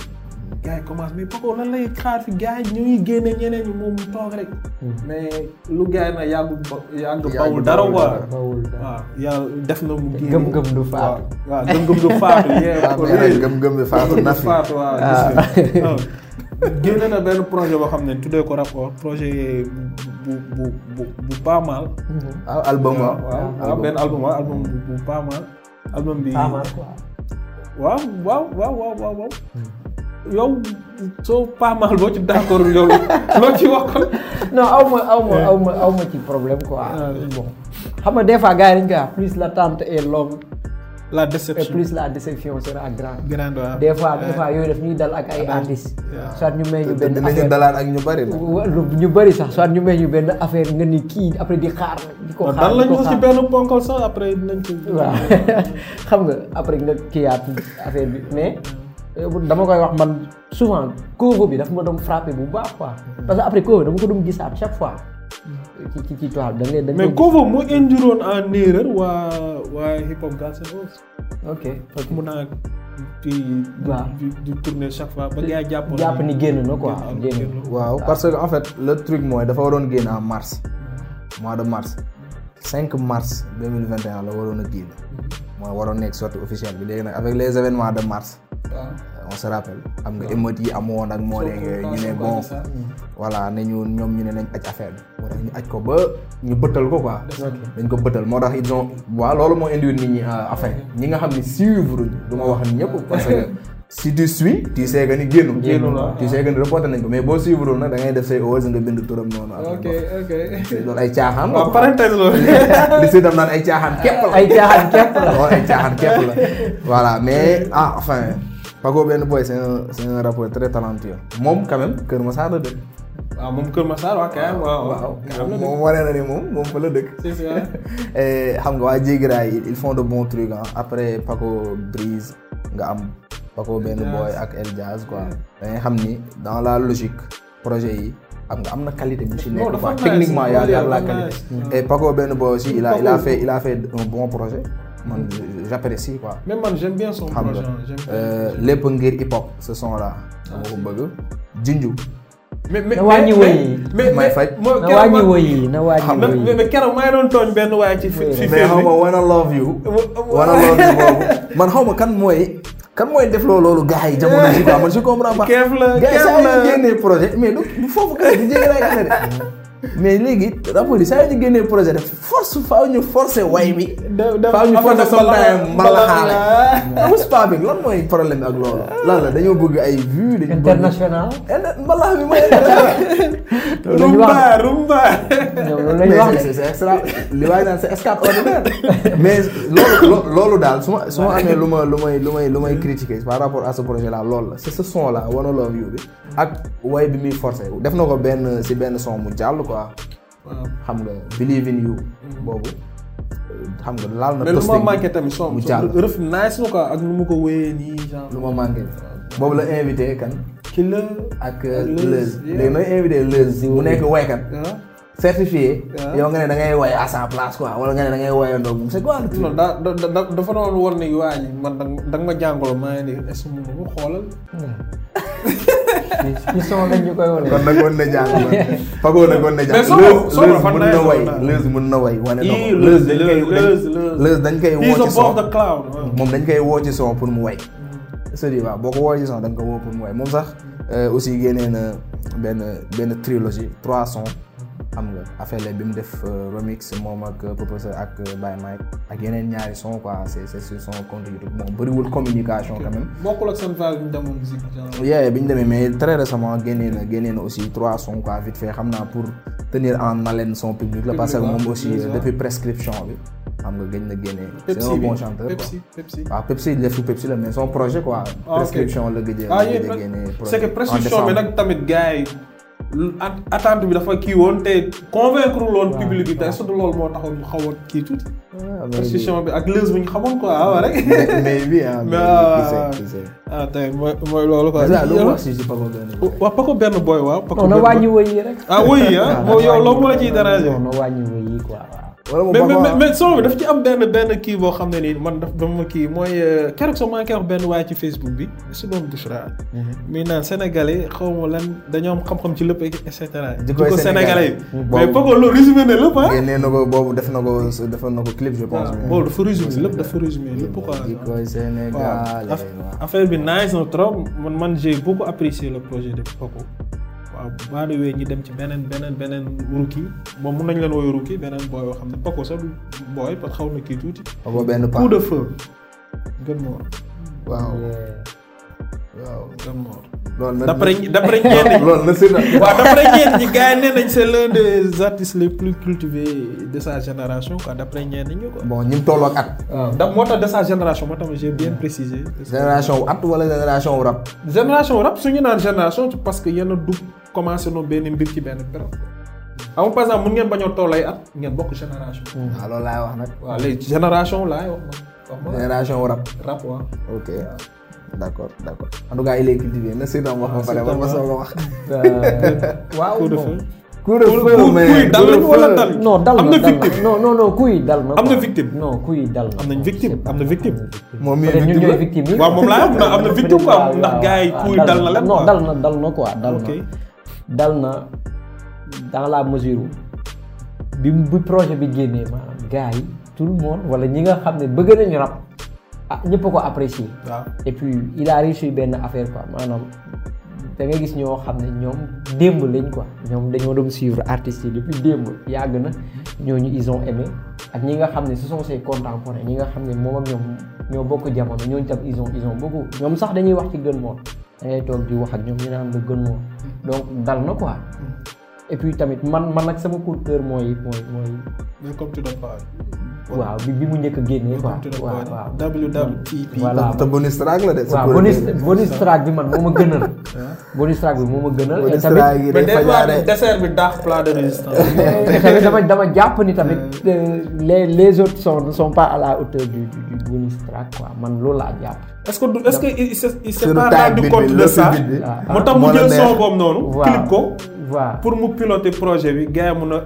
Speaker 1: gars yi commencé mais Paco lan lay xaar fi gars yi ñu génne ñeneen ñi moom mu toog rek. Hmm. mais lu gaa yi nag yàggu ba yàggu bawul dara quoi bawul dara waaw yàlla def na mu. génne gëm-gëm du faatu. waaw gëm-gëm du faatu. yéen gëm-gëm du na waaw. Ah. génne na benn projet boo xam ne tuddee ko rapport projet bu bu bu bu pas mal. ah album waaw ah. benn album waaw album bu bu pas mal. album bi waaw waaw waaw waaw waaw. Hmm. yow soo pas mal boo ci
Speaker 3: d'accord loolu loo ci wax kon. non aw ma aw ma ma aw ma ci problème quoi. Ah, bon xam nga des fois gars yi koy wax plus la déception et plus la déception sera grande. grande waaw des fois fois yooyu daf ñuy dal ak ay artistes. Ah, ñu may ñu benn affaire ak ñu bari ñu bari sax soit ñu may ñu benn affaire nga ni kii après di xaar. di ko ah, xaar di ko xaar dal lañu ci benn
Speaker 1: ponkal après nañ ko. waaw
Speaker 3: xam nga après nga affaire bi mais. dama koy wax man souvent Kogo bi daf ma doon frappé bu baax quoi parce que après Kogo dama ko doon gisaat chaque fois. ci ci ci toile da ngay da mais Kogo
Speaker 1: indiroon en erreur waa waa hip hop Galsen Oats. ok parce que mun naa di. ba gars jàpp ni génn na quoi
Speaker 2: génn waaw ah. parce que en fait le truc mooy dafa waroon génn a mars mm. mois de mars 5 mars 2021 la waroon a génn mm-hmm. mooy waroon nekk sortie officielle bi léegi nag avec les événements de mars. Euh, on se rappelle am nga émeutes yi amoon ak moo leeg ñu ne bon hmm. voilà ne ñu ñoom ñu ne nañ aj affaire bi moo ñu aj ko ba ñu bëttal ko quoi dañ ko bëttal moo tax ils ont waaw loolu moo indiwoon nit ñi euh, affaire ñi nga xam ne suivre du ma wax ñëpp parce que si tu suis tu sais que ni génn. génn tu sais que ni reporté nañ ko mais boo suivre nag da def say oise nga bind turam noonu.
Speaker 1: ok ok
Speaker 2: loolu ay caaxaan. waaw loolu. li si dem naan ay caaxaan képp la. ay caaxaan képp la. ay mais ah Pago benn boy c'est un c'est un rappeur très talentueux moom quand même Kër Masar la dëkk.
Speaker 1: waaw ah, moom Kër Masar waaw kay waaw waaw. moom waree ni moom moom fa la
Speaker 2: dëkk. Eh, xam nga waa Jégra yi ils font de bons trucs ah après Pago Brise nga am. Pago benn boy ak El Jazz quoi. xam ni dans la logique projet yi. xam nga am na qualité bu ci nekk quoi techniquement y la qualité. et Pago benn boy aussi il a il a fait bon projet. man mm-hmm. j'apprécie quoi.
Speaker 1: mais man j'aime bien son euh,
Speaker 2: projet. lépp ngir hip hop ce son là. dama ah. ko bëgg junju.
Speaker 1: mais mais na wàññi woy yi mais mais na wàññi woy yi na wàññi woy yi mais keroog maa ngi doon tooñ benn waaye ci fi fi ma wanna love you. wanna love you
Speaker 2: boobu xaw ma kan mooy. kan mooy def loolu gars yi jamono ji quoi man je comprends pas. projet mais du foofu mais léegi rapport yi saa yu ñu génnee projet def force faaw ñu forcé way bi. faaw ñu forcé somtime mbalaxaale. amus paa bi lan mooy problème bi ak loolu. lan la dañoo bëgg ay vues dañu international. mbalax bi mooy.
Speaker 3: loolu rumba
Speaker 2: rumba. loolu wax mais c'est extra li waay naan c'est extraordinaire mais loolu loolu daal su ma su ma amee lu ma lu may lu may lu may critiquer par rapport à ce projet là loolu la c'est ce son là Wanna Love You bi ak way bi muy forcé def na ko benn si benn son mu jàll ko quoi. xam nga believe in you. Mm. boobu xam nga laal na. posté mais lu ma manqué tamit soo rëf
Speaker 1: nice na quoi ak nu mu ko woyee nii genre. lu ma manqué boobu la invité kan. ki la ak euh,
Speaker 2: Leuz léegi nooy invité si mu nekk waykat. certifié. yow nga ne da ngay woy à sa
Speaker 1: place quoi wala nga ne da ngay woyandoo moom c'est quoi. non daa da dafa doon war ne waa ji man da nga ma jàngaloo maa ngi nii est-ce que mu xoolal. Hmm. ci son lañ ñu koy wane. kon nag woon na jàng man Pago nag woon na jàng. mais Sobra fan lay Sobra lëz
Speaker 2: mën na way wane na ko lëz dañ koy lëz dañ koy woo ci son moom dañ koy woo ci son pour mu way. sëriñ waaw boo ko woo ci son da nga ko woo pour mu way moom sax euh, aussi génnee na benn benn trilogie trois sons. xam nga affaire bi mu def euh, remix moom ak euh, professeur ak euh, Baye Mike ak yeneen ñaari son quoi c'est c'est son contributeur bon bëriwul communication quand même.
Speaker 1: bokkul ak seen vague bi ñu demoon musique. yeah bi ñu demee mais
Speaker 2: très récemment génnee na génnee na aussi trois sons quoi vite fait xam naa pour tenir en haleine son public la. parce que moom aussi depuis prescription bi. xam nga gën na génne. c'est un bon chanteur quoi
Speaker 1: Pepsi Pepsi.
Speaker 2: Ah, Pepsi defu Pepsi la mais son projet quoi. Ah, prescription la gëj a. ah yéen c'est que prescription bi
Speaker 1: nag tamit gars yi attente bi dafa kii woon te convaincre loon public bi te est-ce que loolu moo taxoon mu xawoon kii tuuti. Ah, position bi ak lëz bu ñu xamoon quoi ah, waaw rek. mais bi ah ah, ah tey mooy mooy loolu quoi. waaw Paco benn booy waaw. Paco benn boy non na wàññi
Speaker 3: wëy yi rek. ah yi ah yow loolu moo la ciy déranger. non quoi.
Speaker 1: mais mais mais soo daf ci am benn benn kii boo xam ne nii man daf ba ma kii mooy euh, keroog sax maa ngi koy wax benn waaye ci Facebook bi su doon Bouchra. muy naan sénégalais xaw ma lan dañoo am xam-xam ci lépp et cetera. di ko sénégalais yi mais Paco loolu résumé na lépp ah. nee na ko boobu def na ko def na ko clip je pense. boobu dafa résumé lépp dafa résumé lépp quoi. di ko sénégalais waaw affaire bi nice na trop man man j'ai beaucoup apprécié le projet de Paco. waaw baa dewee ñi dem ci beneen beneen beneen rookie moom mun nañ leen wooyu rookie beneen booy yoo xam ne Paco sax du booy parce que xaw na kii tuuti. Paco benn coup de feu. gën moor. waaw. waaw gën moor. loolu nag d'après d'après ñenn ñi loolu na si na waaw d'après ñenn ñi gars yi nee nañ c'est l'un des artistes les plus cultivés de sa génération quoi d'après ñenn ñi quoi. bon ñu toll ak at. waaw ah, ndax moo tax de sa génération moo tax j'ai bien précisé.
Speaker 2: génération wu at wala génération wu rap.
Speaker 1: génération wu rap su ñu naan génération parce que yenn dugg. commencé no benn mbir ci benn période. amul mun ngeen bañoo toll ay at ngeen bokk génération. waaw hmm. ah, loolu laay wax nag. waaw léegi génération laay wax ma. génération rap. rap waaw.
Speaker 2: ok d' accord d' accord en tout cas il est cultivé na si doom wax ba pare ma wax.
Speaker 1: waaw bon. coup de feu mais dal nañu wala dal
Speaker 3: non dal na dal na non non non kuy dal na. am na victime non kuy dal na. am nañ victime am na victime. moom yi. waaw moom laa am na victime quoi dal na leen. dal na dal na quoi dal dal na dans la mesure bi bi projet bi génnee maanaam gars yi tout le monde wala ñi nga xam ne bëgg nañu rap ah ñëpp ko apprécier. waaw et puis il a réussi benn affaire quoi maanaam da nga gis ñoo xam ne ñoom démb lañ quoi ñoom dañoo doon suivre artistes yi depuis démb yàgg na ñooñu ils ont aimé ak ñi nga xam ne ce sont ses contemporains ñi nga xam ne moom ak ñoo bokk jamono ñooñu tam ils ont ils ñoom sax dañuy wax ci gën moom. da toog di wax ak ñoom ñu naan la gën moom donc dal na quoi. Mm. et puis tamit man man nag sama coup kër cœur mooy mooy mooy. mais comme tu waaw bi bi mu njëkk a génnee quoi. waaw waaw WWTP. E voilà te bonus track la de. waaw bonus bonus track bi man moo ma gënal. Ah. bonus track bi moo ma gënal. bonus track yi day
Speaker 1: bi daax plat de
Speaker 3: dama jàpp ni tamit euh, les les autres sont ne pa pas à la hauteur du du bonus track man loolu la jàpp.
Speaker 1: est-ce que est-ce que il s'est il s'est pas rendu compte de ça ah, ah. moo tax mu jël son boobu noonu. waaw clip ko. waaw pour mu piloter projet bi gars yi mun a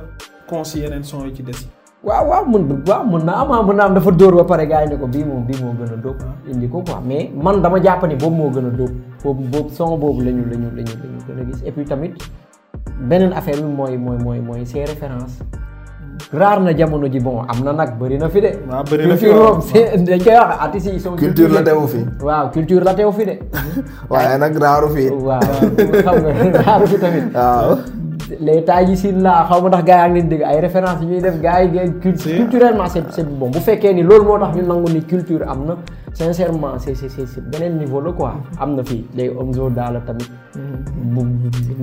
Speaker 1: conseiller yeneen son yi ci des.
Speaker 3: waaw waaw mun waaw mun naa am ah mun naa am dafa dóor ba pare gars yi ne ko bii moom bii moo gën a dóob indi ko quoi mais man dama jàpp ne boobu moo gën a dóob boobu boobu son boobu la ñu la ñu la ñu la ñu gën a gis et puis tamit beneen affaire mooy mooy mooy mooy ses références raar na jamono ji bon am na nag bëri na fi de. waaw bëri na fi moom dañ koy wax artistes culture la teew fi. waaw culture la teew fi de.
Speaker 2: waaye nag raaru fi. waaw
Speaker 3: xam nga raaru fi tamit. waaw. les tajisin la xaw ma ndax gars yi ak leen dégg ay référence yi ñuy def gars yi culturellement c'est c'est bon bu fekkee ni loolu moo tax ñu nangu ni culture am na sincèrement c'est c'est c'est beneen niveau la quoi mm-hmm. am na fii les Omzo Dollar tamit mm-hmm. bu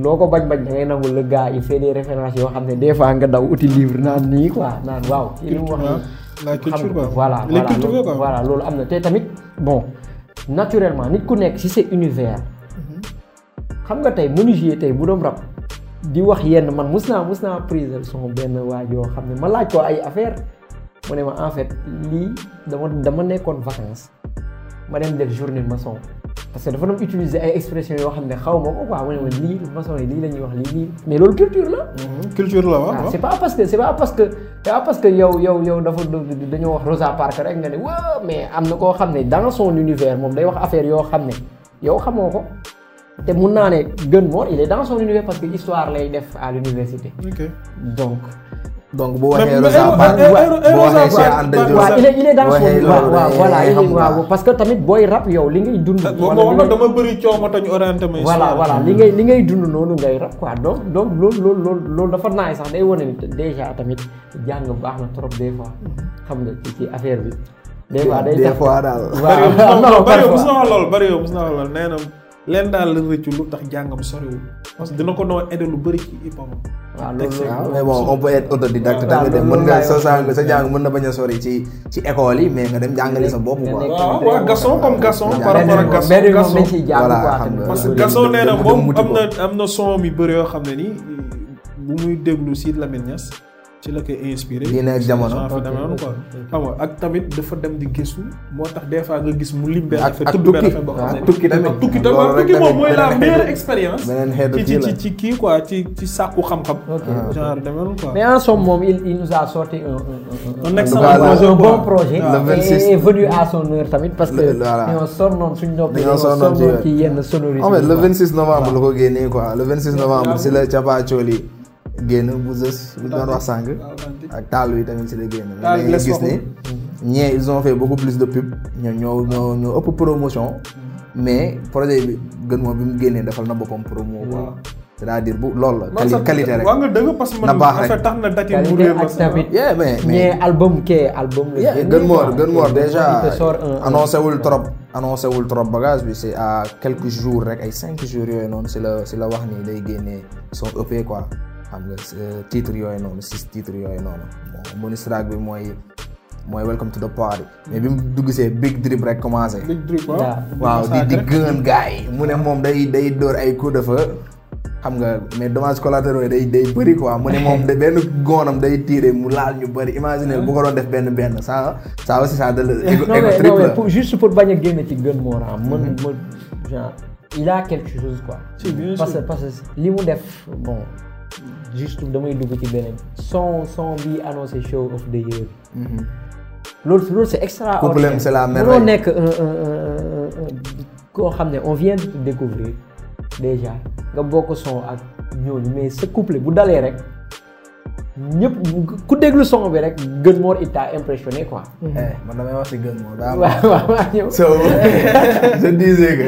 Speaker 3: loo ko bañ bañ da ngay nangu le gars il fait des yoo xam ne des fois nga daw outil livre naan nii quoi li mu wax la culture quoi voilà voilà loolu am na te tamit bon naturellement nit ku nekk si sa univers
Speaker 1: mm-hmm.
Speaker 3: xam nga tey menuisier tey bu doon rap di wax yenn man mus naa mus naa prise son benn waajoo xam ne ma laaj ko ay affaire mu ne ma en fait lii dama dama nekkoon vacance ma dem def journée maçon parce que dafa doon utiliser ay expression yoo xam ne xaw ma ko quoi mu ne ma lii maçon ñuy wax lii lii mais loolu culture la. Mhm. culture la waaw ah, c'est pas parce que c'est pas parce que c'est pas parce dafa dañoo wax Rosa Parks rek nga ne waaw mais am na koo xam ne dans son univers moom day wax affaire yoo xam ne yow xamoo ko. te mun naa ne Gunvor il est dans son univers parce que histoire lay def à l'université donc. donc bu waxee Rosa parce que tamit booy rap yow li ngay dund. wala dama bëri coow ma tañ orienté ma. voilà li ngay li ngay dund noonu ngay rap quoi donc donc loolu loolu dafa naay sax day wane ni déjà tamit jàng baax na trop des xam nga ci affaire bi. des daal. bari yow mos na wax lool bari
Speaker 1: yow mos na wax lool nee leen daal la rëccu tax jàngam soriwul parce que dina ko noo aider lu bëri ci hip hop. waaw loolu ah, mais bon on peut
Speaker 2: être autodidacte tamit de mën nga sa jàng sa jàng mën na bañ a sori ci ci école yi mais nga dem jàngale sa bopp quoi. Ah, waaw waaw Gasson
Speaker 1: comme Gasson par rapport ak Gasson
Speaker 2: xam nga parce que Gasson nee na moom am
Speaker 1: na am na yu bëri yoo xam ne nii bu muy déglu Sidy Lamine Niass. ci la koy inspiré. diine ak jamono genre fa demee noonu quoi. xam ak tamit dafa dem di gëstu moo tax des fois nga gis mu lim benn affaire tudd benn affaire boo xam ah, la meilleure expérience. ci ci ci
Speaker 3: kii quoi ci ci sàkku xam-xam. genre demee noonu quoi. mais en somme moom il nous a sorti un un un un bon projet. le 26 et venu à son heure tamit parce que. dañoo sonnoon suñu noppi dañoo sonnoon ci yenn novembre la
Speaker 2: ko génnee quoi le 26 novembre si la capaa génn bu Zeus bu doon wax sànq. ak taal wi tamit si la génn. taal bi gis ne ñee ils ont fait beaucoup plus de pub. ñoo ñoo ñoo ëpp promotion. Mm. mais projet bi gën moom bi génnee defal na boppam promo quoi. cest à bu loolu la. rek nga dëgg parce que man en fait tax
Speaker 1: na
Speaker 3: moor gën moor déjà annoncé
Speaker 2: wul trop. annoncé wul trop bagage bi c'est à quelques jours rek ay cinq jours yooyu noonu si la si la wax ni day génne soo EP quoi. xam nga euh, titre yooyu noonu six titre yooyu noonu bon bonus track bi mooy mooy welcome to the party mais bi mu dugg see big drip rek commencé. big drip ah? waaw di di gën gars mu ne moom day day dóor ay coup de feu xam nga mais dommages collatéraux day day bëri quoi mu ne moom de benn góonam day tiire mu laal ñu bëri imaginer bu ko doon def benn benn ça ça aussi ça de ego trip la
Speaker 3: pour bañ a génn ci gën moo raam mm-hmm. man genre il a quelque chose quoi. parce que parce que li mu def bon. juste damay dugg ci beneen son son bi annoncé show of the year. Mhm. loolu loolu c' est extraordinaire. problème c' est la mer rek nekk euh, euh, euh, koo xam ne on vient de découvrir déjà nga bokk son ak ñooñu mais sa couple bu dalee rek. ñëpp ku déglu son bi rek gën moor it a impressionné quoi. Eh, eh, man damay wax si gën moor. waaw waaw
Speaker 2: so je disais que.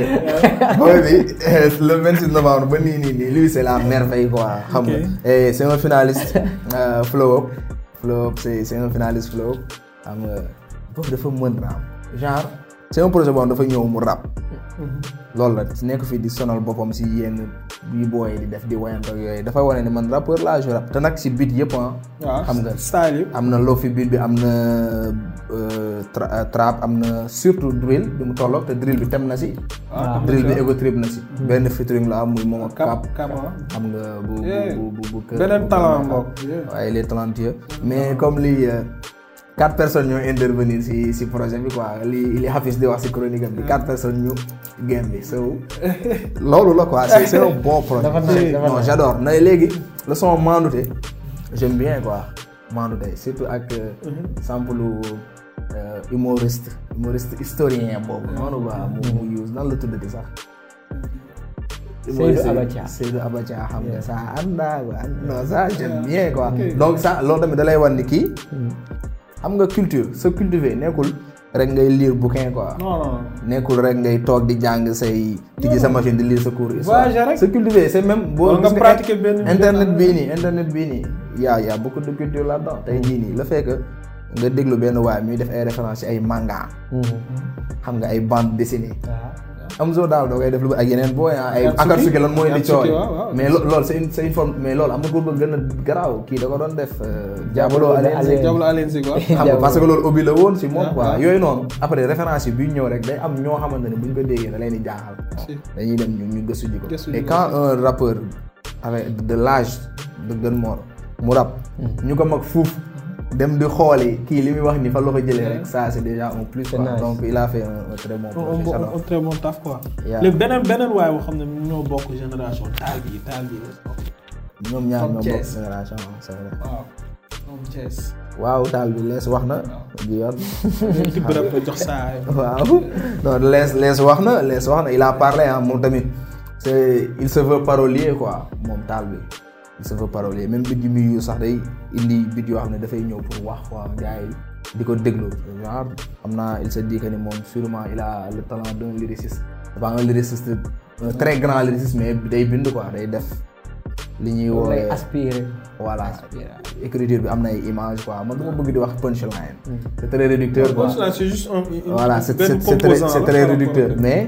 Speaker 2: booy bi eh, le 26 novembre ba nii nii nii lui c' la merveille quoi. xam nga et c' est flow up flow up c' est c' flow up xam nga boobu dafa mën rap genre c' est projet boo dafa ñëw mu rap. Mm-hmm. loolu la nekk fi di sonal boppam si yenn yu booy di def di woyant yooyu dafa wane ni man rappeur laa je rap te nag si beat yëpp ah. ah xam nga style am na loo fi beat bi am na euh, euh, trap am na surtout drill bi mu tolloo te drill bi tem na si.
Speaker 1: Ah, ah, drill bi ego
Speaker 2: trip na si. Hmm. benn featuring la am muy moom ak cap xam nga bu bu bu bu kër. beneen talent waaye les talentueux mais comme lii. Euh, quatre personne ñoo intervenir si si projet bi quoi li li di wax si chronique bi quatre personnes ñu game bi so loolu la quoi c'est un bon projet non j'adore na léegi le son maandute j'aime bien quoi maandute surtout ak euh, mhm. sample euh, humoriste humoriste historien boobu mhm. noonu quoi mu mu use sax Seydou Abacha Seydou Abacha xam nga ça ànd naa tamit da wan ni kii hmm. xam nga culture sa cultiver nekkul rek ngay lire bouquin quoi. nekkul rek ngay toog di jàng say. tijji sa machine di lire sa cours. voyager rek sa cultiver c'est même. boo nga pratiquer
Speaker 1: benn internet bii nii
Speaker 2: internet bii nii. yaa yaa beaucoup de culture là-dedans tey nii la fait nga déglu benn waay muy def ay références ci ay manga. Mm-hmm. xam nga ay bande dessinée. Ah. Amzo daaw da koy def lu ak yeneen booy ah, ay. Akatsuki lan mooy li cooy mais loolu c'est une c'est une forme mais loolu am na góor gën a garaaw kii da ko doon def. Euh, Diabolo Allensi Diabolo
Speaker 1: Allensi quoi. xam nga parce que loolu obi
Speaker 2: la woon si moom ah, quoi ah. yooyu noonu. après référence yi bu ñu ñëw rek day am ñoo xamante ne bu ñu ko déggee da leen di jaaxal. dañuy dem ñu ñu gëstu ji ko. et quand un rappeur avec de l'âge de Gun Mor mu rap. Hmm. ñu ko mag fuuf. dem di xooli kii li muy wax ni fa la ko jëlee rek ça c' est déjà un plus quoi donc il a fait un très bon un
Speaker 1: très bon taf quoi léegi beneen beneen waaye boo xam ne ñoo bokk génération taal bi taal bi ñoom ñaar ñoo bokk
Speaker 2: génération c' est vrai waaw moom Thiès waaw taal bi lees wax na ji yoon waaw non lees lees wax na lees wax na il a parlé ah moom tamit c' est il se veut parolier quoi moom taal bi ça veut parler même bit yu muy sax day indi bit yoo xam ne dafay ñëw pour wax waa gars yi di ko déglu genre xam naa il se dit que ni moom surement il a le talent d'un lyriciste dafa un lyriciste un très grand lyriciste mais day bind ko day def li ñuy woowee aspiré voilà bi am na ay image quoi man bëgg di wax punchline hmm. c'est très réducteur quoi c'est juste très réducteur mais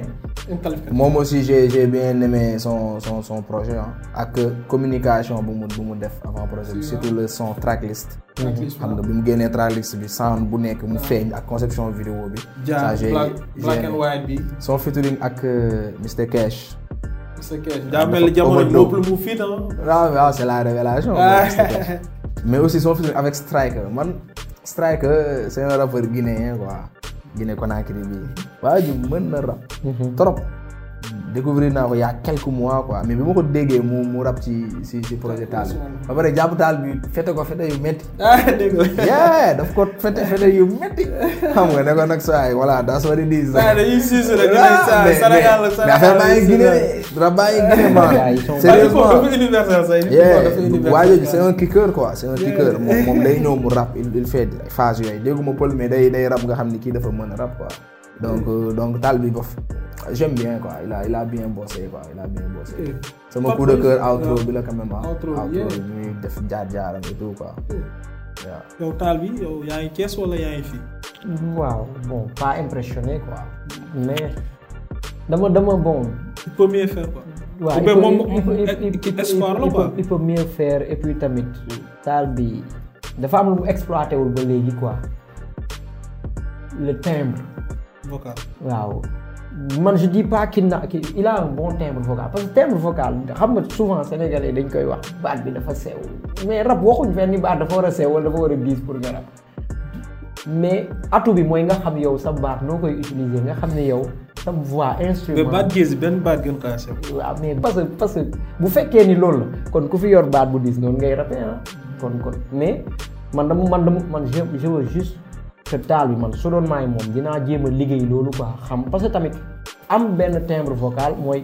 Speaker 2: moom aussi j'ai j'ai bien aimé son son son projet ah ak euh, communication bu mu bu mu def avant projet bi surtout le son tracklist xam nga bi mu génnee tracklist bi sound bu nekk mu feeñ ak conception vidéo bi ça j'ai black and
Speaker 1: white
Speaker 2: ak Mr Cash
Speaker 1: Mr Cash daa mel jamono boobu mu fit ah waaw ah, c'est la révélation
Speaker 2: mais aussi son featuring avec Striker man Striker c'est Guinée Conakry bii waa ji mën na rap. Mhm. trop découvrir naa ko y' a quelques mois quoi mais bi ma ko déggee mu rab ci si projet taal bi ba jàpp taal bi fete ko fete yu métti. ah dégg nga. daf ko fete fete yu métti. xam nga ne ko nag saa yi daa soo di diis. waaw dañuy siis rek ah, dinañ saa Sénégal la Sénégal la affaire baa ngi Guinée rab baa ngi Guinée maanaam. Ah, sérieusement dafa
Speaker 1: universel sax. waaye c'est
Speaker 2: un kicker quoi c'est un moom moom day ñëw mu rab il fait phase yooyu dégguma pël mais day rab nga xam ni kii dafa mën a rab quoi. donc euh, donc taal bi bof j'aime bien quoi il a il a bien bossé quoi il a bien bossé. Eh, sama coup de cœur euh, outro la quand même ah. outro bi ñuy def jaar jaaram et tout quoi. waaw
Speaker 1: eh. yow taal bi yow yaa ngi Cees wala yaa ngi
Speaker 3: fii. waaw bon pas impressionné quoi mais dama dama bon.
Speaker 1: il peut mieux faire quoi. waaw il peut
Speaker 3: il peut mieux faire et puis tamit taal bi dafa am lu mu exploité wul ba vocal waaw man je di pas qu'il na ki a un bon timbre vocal parce que timbre vocal xam nga souvent sénégalais dañ koy wax baat bi dafa sew mais rab waxuñ fenn ni baat dafa war a sew wala dafa war a diis pour nga mais atu bi mooy nga xam yow sa baat noo koy utiliser nga xam ne yow sa voix instrument. mais baat gis benn baat gën kaa sew. waaw mais parce que parce que bu fekkee ni loolu la kon ku fi yor baat bu diis noonu ngay rapé ah kon kon mais man dama man dama man je te taal bi man su doon maay moom dinaa jéem a liggéey loolu ko xam parce que tamit am benn timbre vocal mooy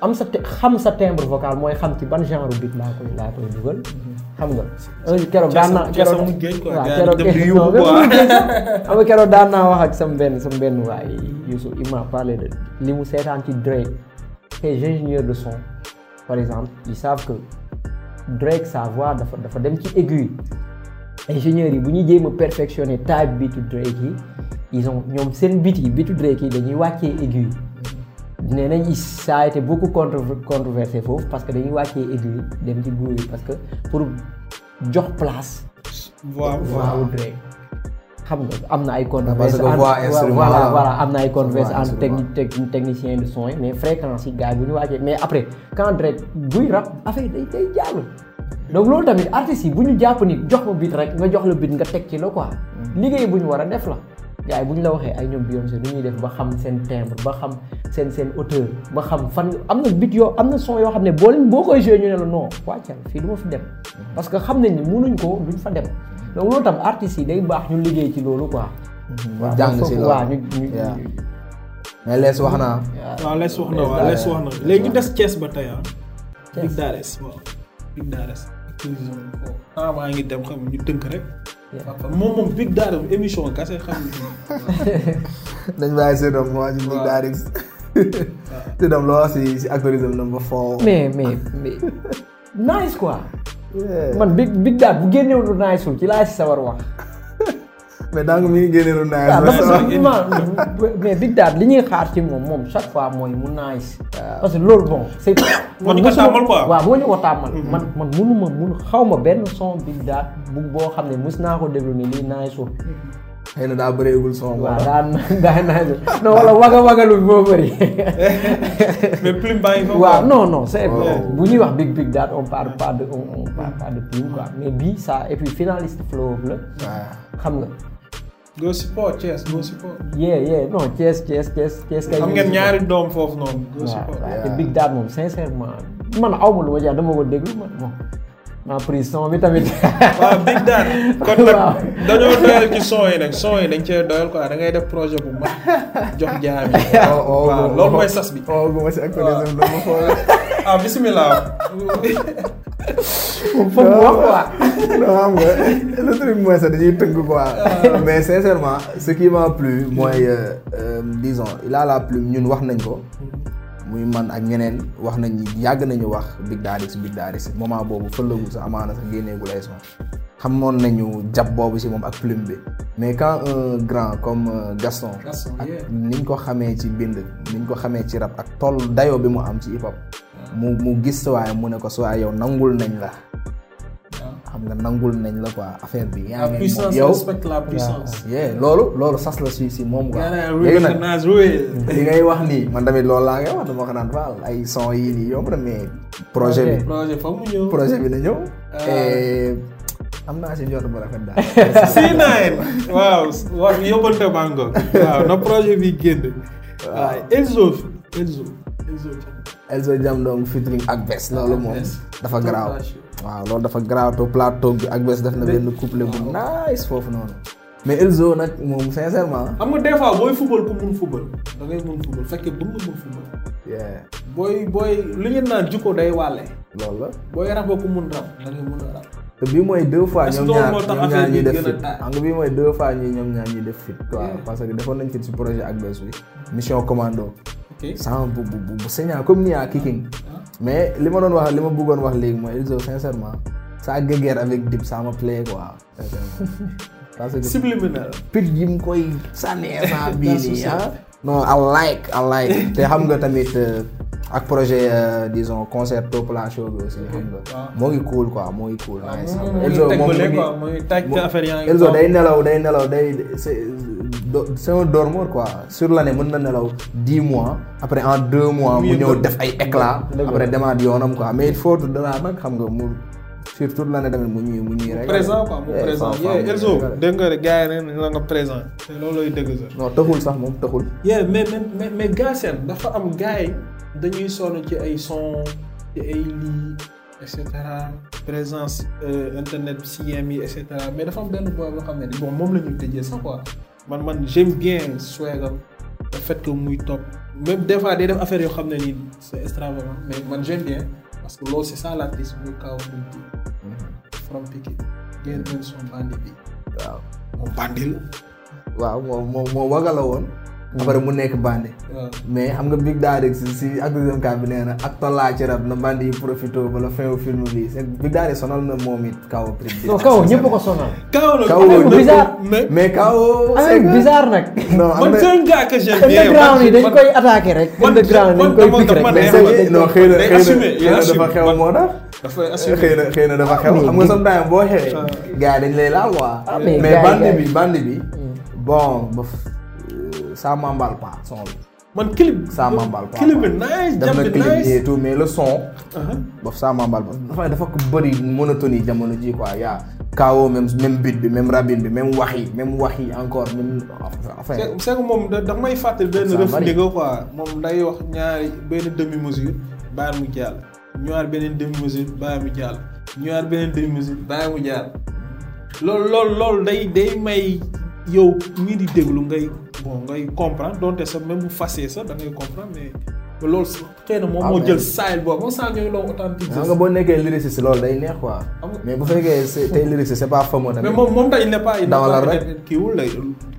Speaker 3: am sa xam sa timbre vocal mooy xam ci ban genre beat laa koy laa koy dugal. xam nga euh, keroog daan naa daan naa wax ak sam benn sam benn waay il m'a parlé de li mu seetaan ci Drake les ingénieurs de son par exemple ils savent que Drake sa voix dafa dafa dem ci aiguille. ingénieurs yi bu ñuy jéem a perfectionné taaj bitu Drake yi ils ont ñoom seen bit yi bitu Drake yi dañuy wàccee aigu yi nee nañ ça a été beaucoup contre controversé foofu parce que dañuy wàccee aigu yi dem ci bru yi parce que pour jox place. waaw waaw Drake xam nga am na ay controverse ah, voilà voilà am na ay controverse entre technique technicien de son mais fréquence yi gars yi bu ñu wàccee mais après quand Drake buy rap affaire day day jàll donc loolu tamit artistes yi bu ñu jàpp ni jox ma bit rek nga jox la bit nga teg ci la quoi hmm. liggéey bu ñu war a def la gars yi bu ñu la waxee ay ñoom Beyoncé du ñuy def ba xam seen ba xam seen seen auteur ba xam fan am na bit yoo am na son yoo xam ne boo leen boo koy joué ñu ne la non wàccal fii du ma fi dem hmm. que xam nañ ni mënuñ ko duñ fa dem donc loolu tam artistes yi day baax ñu liggéey ci loolu quoi. Mhm. waaw jàng si loolu waaw ñu wax naa. waaw lees wax na na
Speaker 1: léegi des Thiès ba tey ah. Big Dares waaw Big Dares. ngi dem xam ñu tënk rek.
Speaker 2: dañ bàyyi seen doom waa ñu Big Dares. te dem mais mais
Speaker 3: mais man big big daat bu génneewul lu naay ci laa si sawar wax.
Speaker 1: mais daa nga mi ngi génne lu naay.
Speaker 3: big daat li ñuy xaar ci moom moom chaque fois mooy mu naay si. parce que loolu bon c' est. moo ñu ko ma mun xaw ma benn son big daat bu boo xam ne mos naa ko déglu ni lii naay sul. Mm-hmm. xëy na daa bëreegul son. waaw daa daa naaj non wala waga wagalu bi moo bëri. mais plume baa ngi waaw non non c' est bu ñuy wax big big daal on parle pas de on parle pas de plume quoi mais bii ça et puis finaliste flow la. xam nga. go support Thiès go support. yeah yeah non Thiès Thiès Thiès Thiès. kay xam ngeen ñaari
Speaker 1: doom foofu noonu. go support te
Speaker 3: big daal moom sincèrement man aw ma lu ma jeex dama ko déglu man bon. ah prise son bi tamit. big daan kon nag
Speaker 1: dañoo doyal ci son yi nag son yi dañ cee doyal quoi da ngay def projet bu mag jox jaam oh,
Speaker 2: oh, waaw oh, loolu mooy sas
Speaker 1: bi. waaw bu ma si actualisé ma xool. ah bisimilah. foofu
Speaker 2: wax quoi. non xam nga le truc mooy sax dañuy tënk quoi. Ah. mais sincèrement ce qui m'a plu mooy euh, euh, disons il a la plume ñun wax nañ ko. muy man ak ñeneen wax nañ yàgg nañu wax Big Daddy si Big Daddy moment boobu fëllagul sa amaana sax génneegul ay son xamoon nañu jàpp boobu si moom ak plume bi mais quand un grand comme euh, Gaston ak niñ ko xamee ci bind niñ ko xamee ci rab ak toll dayo bi mu am ci hip hop mu mu gis waaye mu ne ko soo yow nangul nañ la xam nga nangul nañ la quoi affaire bi. yaa ngi moom yow respecte la loolu loolu sas la si moom. quoi léegi nag li ngay wax nii man tamit loolu laa ngay wax dama ko naan baal ay son yii nii yomb mais. projet bi
Speaker 1: projet bi na ñëw. Ah. am naa si njort bu rafet daal. si naan waaw war yóbbante maa ah, loolu moom
Speaker 2: dafa garaaw. waaw loolu dafa garaaw plateau bi ak bés def na benn couple bu nice foofu noonu. mais Elzo nag moom sincèrement. am
Speaker 1: nga des fois booy football ku mun football da ngay mun football fekkee bu nga mun football. booy booy li ngeen naan jukko day wàlle. loolu la booy raboo ku mun rab da mun a rab.
Speaker 2: te bii mooy deux fois ñoom ñaar ñoom ñaar ñuy def fit nga bii mooy deux fois ñi ñoom ñaar ñuy def fit waaw parce que defoon nañ fit si projet ak bés bi mm-hmm. mission commando. ok sans bu bu bu bu comme ni yaa kicking ah. mais li ma doon wax li ma bëggoon wax léegi mooy Elzo sincèrement sa guerre avec Dip ça me plaît quoi parce que subliminal pit m mu koy sànni instant bii nii ah non I like I like te xam nga tamit euh, ak projet euh, disons concerto plateau bi aussi xam nga ah. moo ngi cool day nelaw day nelaw day c'est un dormeur quoi la ne mën na nelaw dix mois après en deux mois mu ñëw def ay éclat après demaat yoonam quoi mais il faut danaa nag xam nga mu surtout l'année tamit mu ñuy mu ñuy rek présent quoi mu eh, présent yee Elzo
Speaker 1: dégg nga rek gars yi ne la nga présent te loolu lay dëgg sax non taxul sax moom taxul yee mais mais mais gars seen dafa am gars yi dañuy sonn ci ay son ci ay lii et cetera présence euh, internet si yem yi et cetera mais dafa am benn boobu boo xam ne bon moom la ñuy tëjee sax quoi man man j'aime bien swagam le fait muy topp même des fois day def affaire yoo xam ne nii c'est extravagant mais man j'aime bien parce que loolu si ça l'artiste muy kaw muy di from Pikine ngeen mën mm-hmm. son bandi bi waaw
Speaker 2: moom bandi la waaw moom moo waga la woon après mu nekk bandi mais xam nga Big Darex si ak deuxième cas bi nee na ak tollaa ci rab na bandi yi profité ba la fin film bi Big Darex sonal na moom it kaw non kaw ñëpp ko sonal
Speaker 1: kaw
Speaker 3: mais kaw ah, c'est bizarre nag non yi rek underground dañ koy pic rek non xëy xëy na dafa
Speaker 2: xew moo tax dafay assuré xëy na xëy na dafa xew xam boo xewee. Ah. gars yi dañ lay laal waa ah, mais bandi bi bandi mm. bi bon ça m'emballe pas son bi. man clip bi ça m'emballe pas
Speaker 1: nice def na clip mais le son.
Speaker 2: Uh-huh. boobu ça m'emballe pas dafa dafa bëri monotonie jamono ji quoi yaa kaawoo même même beat bi même rabin bi même wax yi même wax yi encore même. enfin
Speaker 1: moom da may fàttali benn rëf ndégg quoi moom day wax ñaari benn demi mesure bàyyi mu jàll ñëwaat beneen demi bi bàyyi mu jàll ñëwaat beneen demi mesure bàyyi mu jàll loolu loolu loolu day day may yow mii di déglu ngay. bon ngay comprendre donte sax même bu fasee sax da ngay comprendre mais. loolu si xëy na moom ah, jël style boobu moom saa ñooy loolu authentique. xam nga boo
Speaker 2: nekkee day neex ko mais bu fekkee tey lyriciste c'est pas fameux tamit. mais moom
Speaker 1: moom tey il n'est pas.
Speaker 2: dawala rek kiiwul la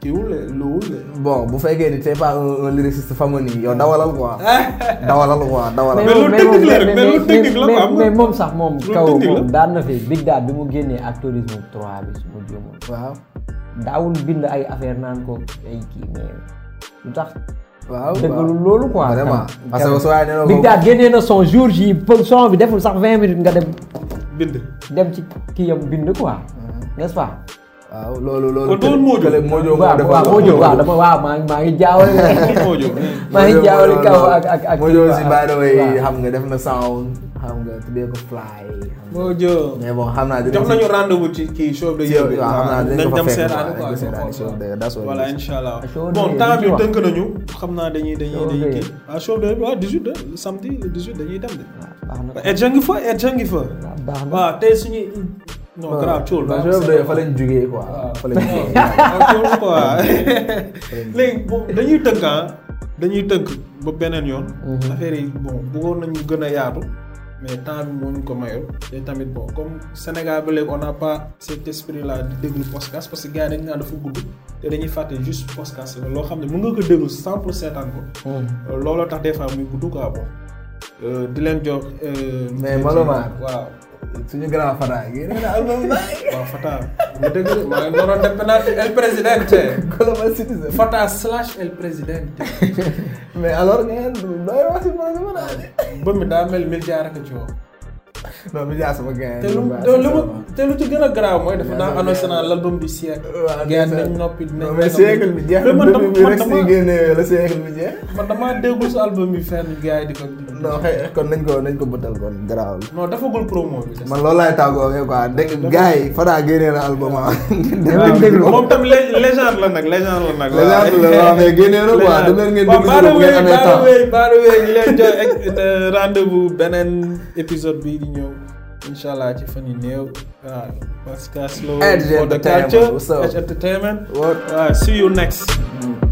Speaker 2: kiiwul la luwul la. bon bu fekkee ni c'est pas un lyriciste fameux nii yow
Speaker 3: dawalal quoi.
Speaker 1: dawalal quoi dawalal. mais loolu technique la rek mais loolu technique la quoi mais moom
Speaker 3: sax moom. kaw moom daan na fi big date bi mu génnee ak tourisme 3 bi daawul bind ay affaire naan ko ay kii mais lu tax. waaw dëggalu loolu quoi. vraiment parce que soo yaay Big Dad génnee na son jour ji son bi deful sax vingt minutes nga dem. bind dem ci kii yam bind quoi mhm. n'est-ce waaw loolu loolu. kon doon Mojo kële Mojo waaw maa ngi maa ngi jaawale. Mojo si by the way xam nga def na sound.
Speaker 2: xam nga tuddee ko fly. moo jë mais bon xam naa jox nañu
Speaker 1: rendez-vous ci kii show de yëngu. waaw xam dem seeraani quoi seeraani voilà allah ah, bon temps bi tënk nañu. xam naa dañuy dañuy dañuy kii. ah show dañuy dem de. waaw ah, baax na fa et jàngi fa. Ah, waaw tey suñuy. non grave cool la fa lañ jugee quoi. fa lañ dañuy tënk ah. dañuy tënk ba beneen yoon. Mm-hmm. affaire yi bon bëggoon nañu gën a yaatu. mais temps bi moo ñu ko mayul te tamit bon comme Sénégal ba léegi on n'a pas esprit là déglu podcast parce que gars yi dañu naan dafa gudd te dañuy fàtte juste podcast la loo xam ne mën nga ko déglu sans seetaan ko. Hmm. Euh, looloo tax des fois muy gudd quoi bon. Euh, di leen jox. Euh, mais Maloma waaw. suñu grand Fata génne na album bàyyi. waaw Fata nga El Presidente. Global El Presidente. mais
Speaker 2: alors ngeen doy wax si
Speaker 1: maa ngi mën a. daa mel miliyaar ak coow. non bi jaa sama gain. te lu te lu te lu ci gën a grave mooy dafa naa annoncé naa l'album du siècle. waaw gain nañ noppi na di ko. Eh, non xëy kon nañ ko nañ ko bëtal kon grave. non defagul eh, eh, promo
Speaker 2: bi. man moom
Speaker 1: tam légende la nag légende la nag. légende la waaw mais génnee na quoi dem leen ngeen déglu. waaw baal a wéy baal a wéy a wéy ñu leen jox ñëw incha allah ci fan yu néew waaw parce que slow. entertainment for the culture entertainment. waaw see you next. Mm.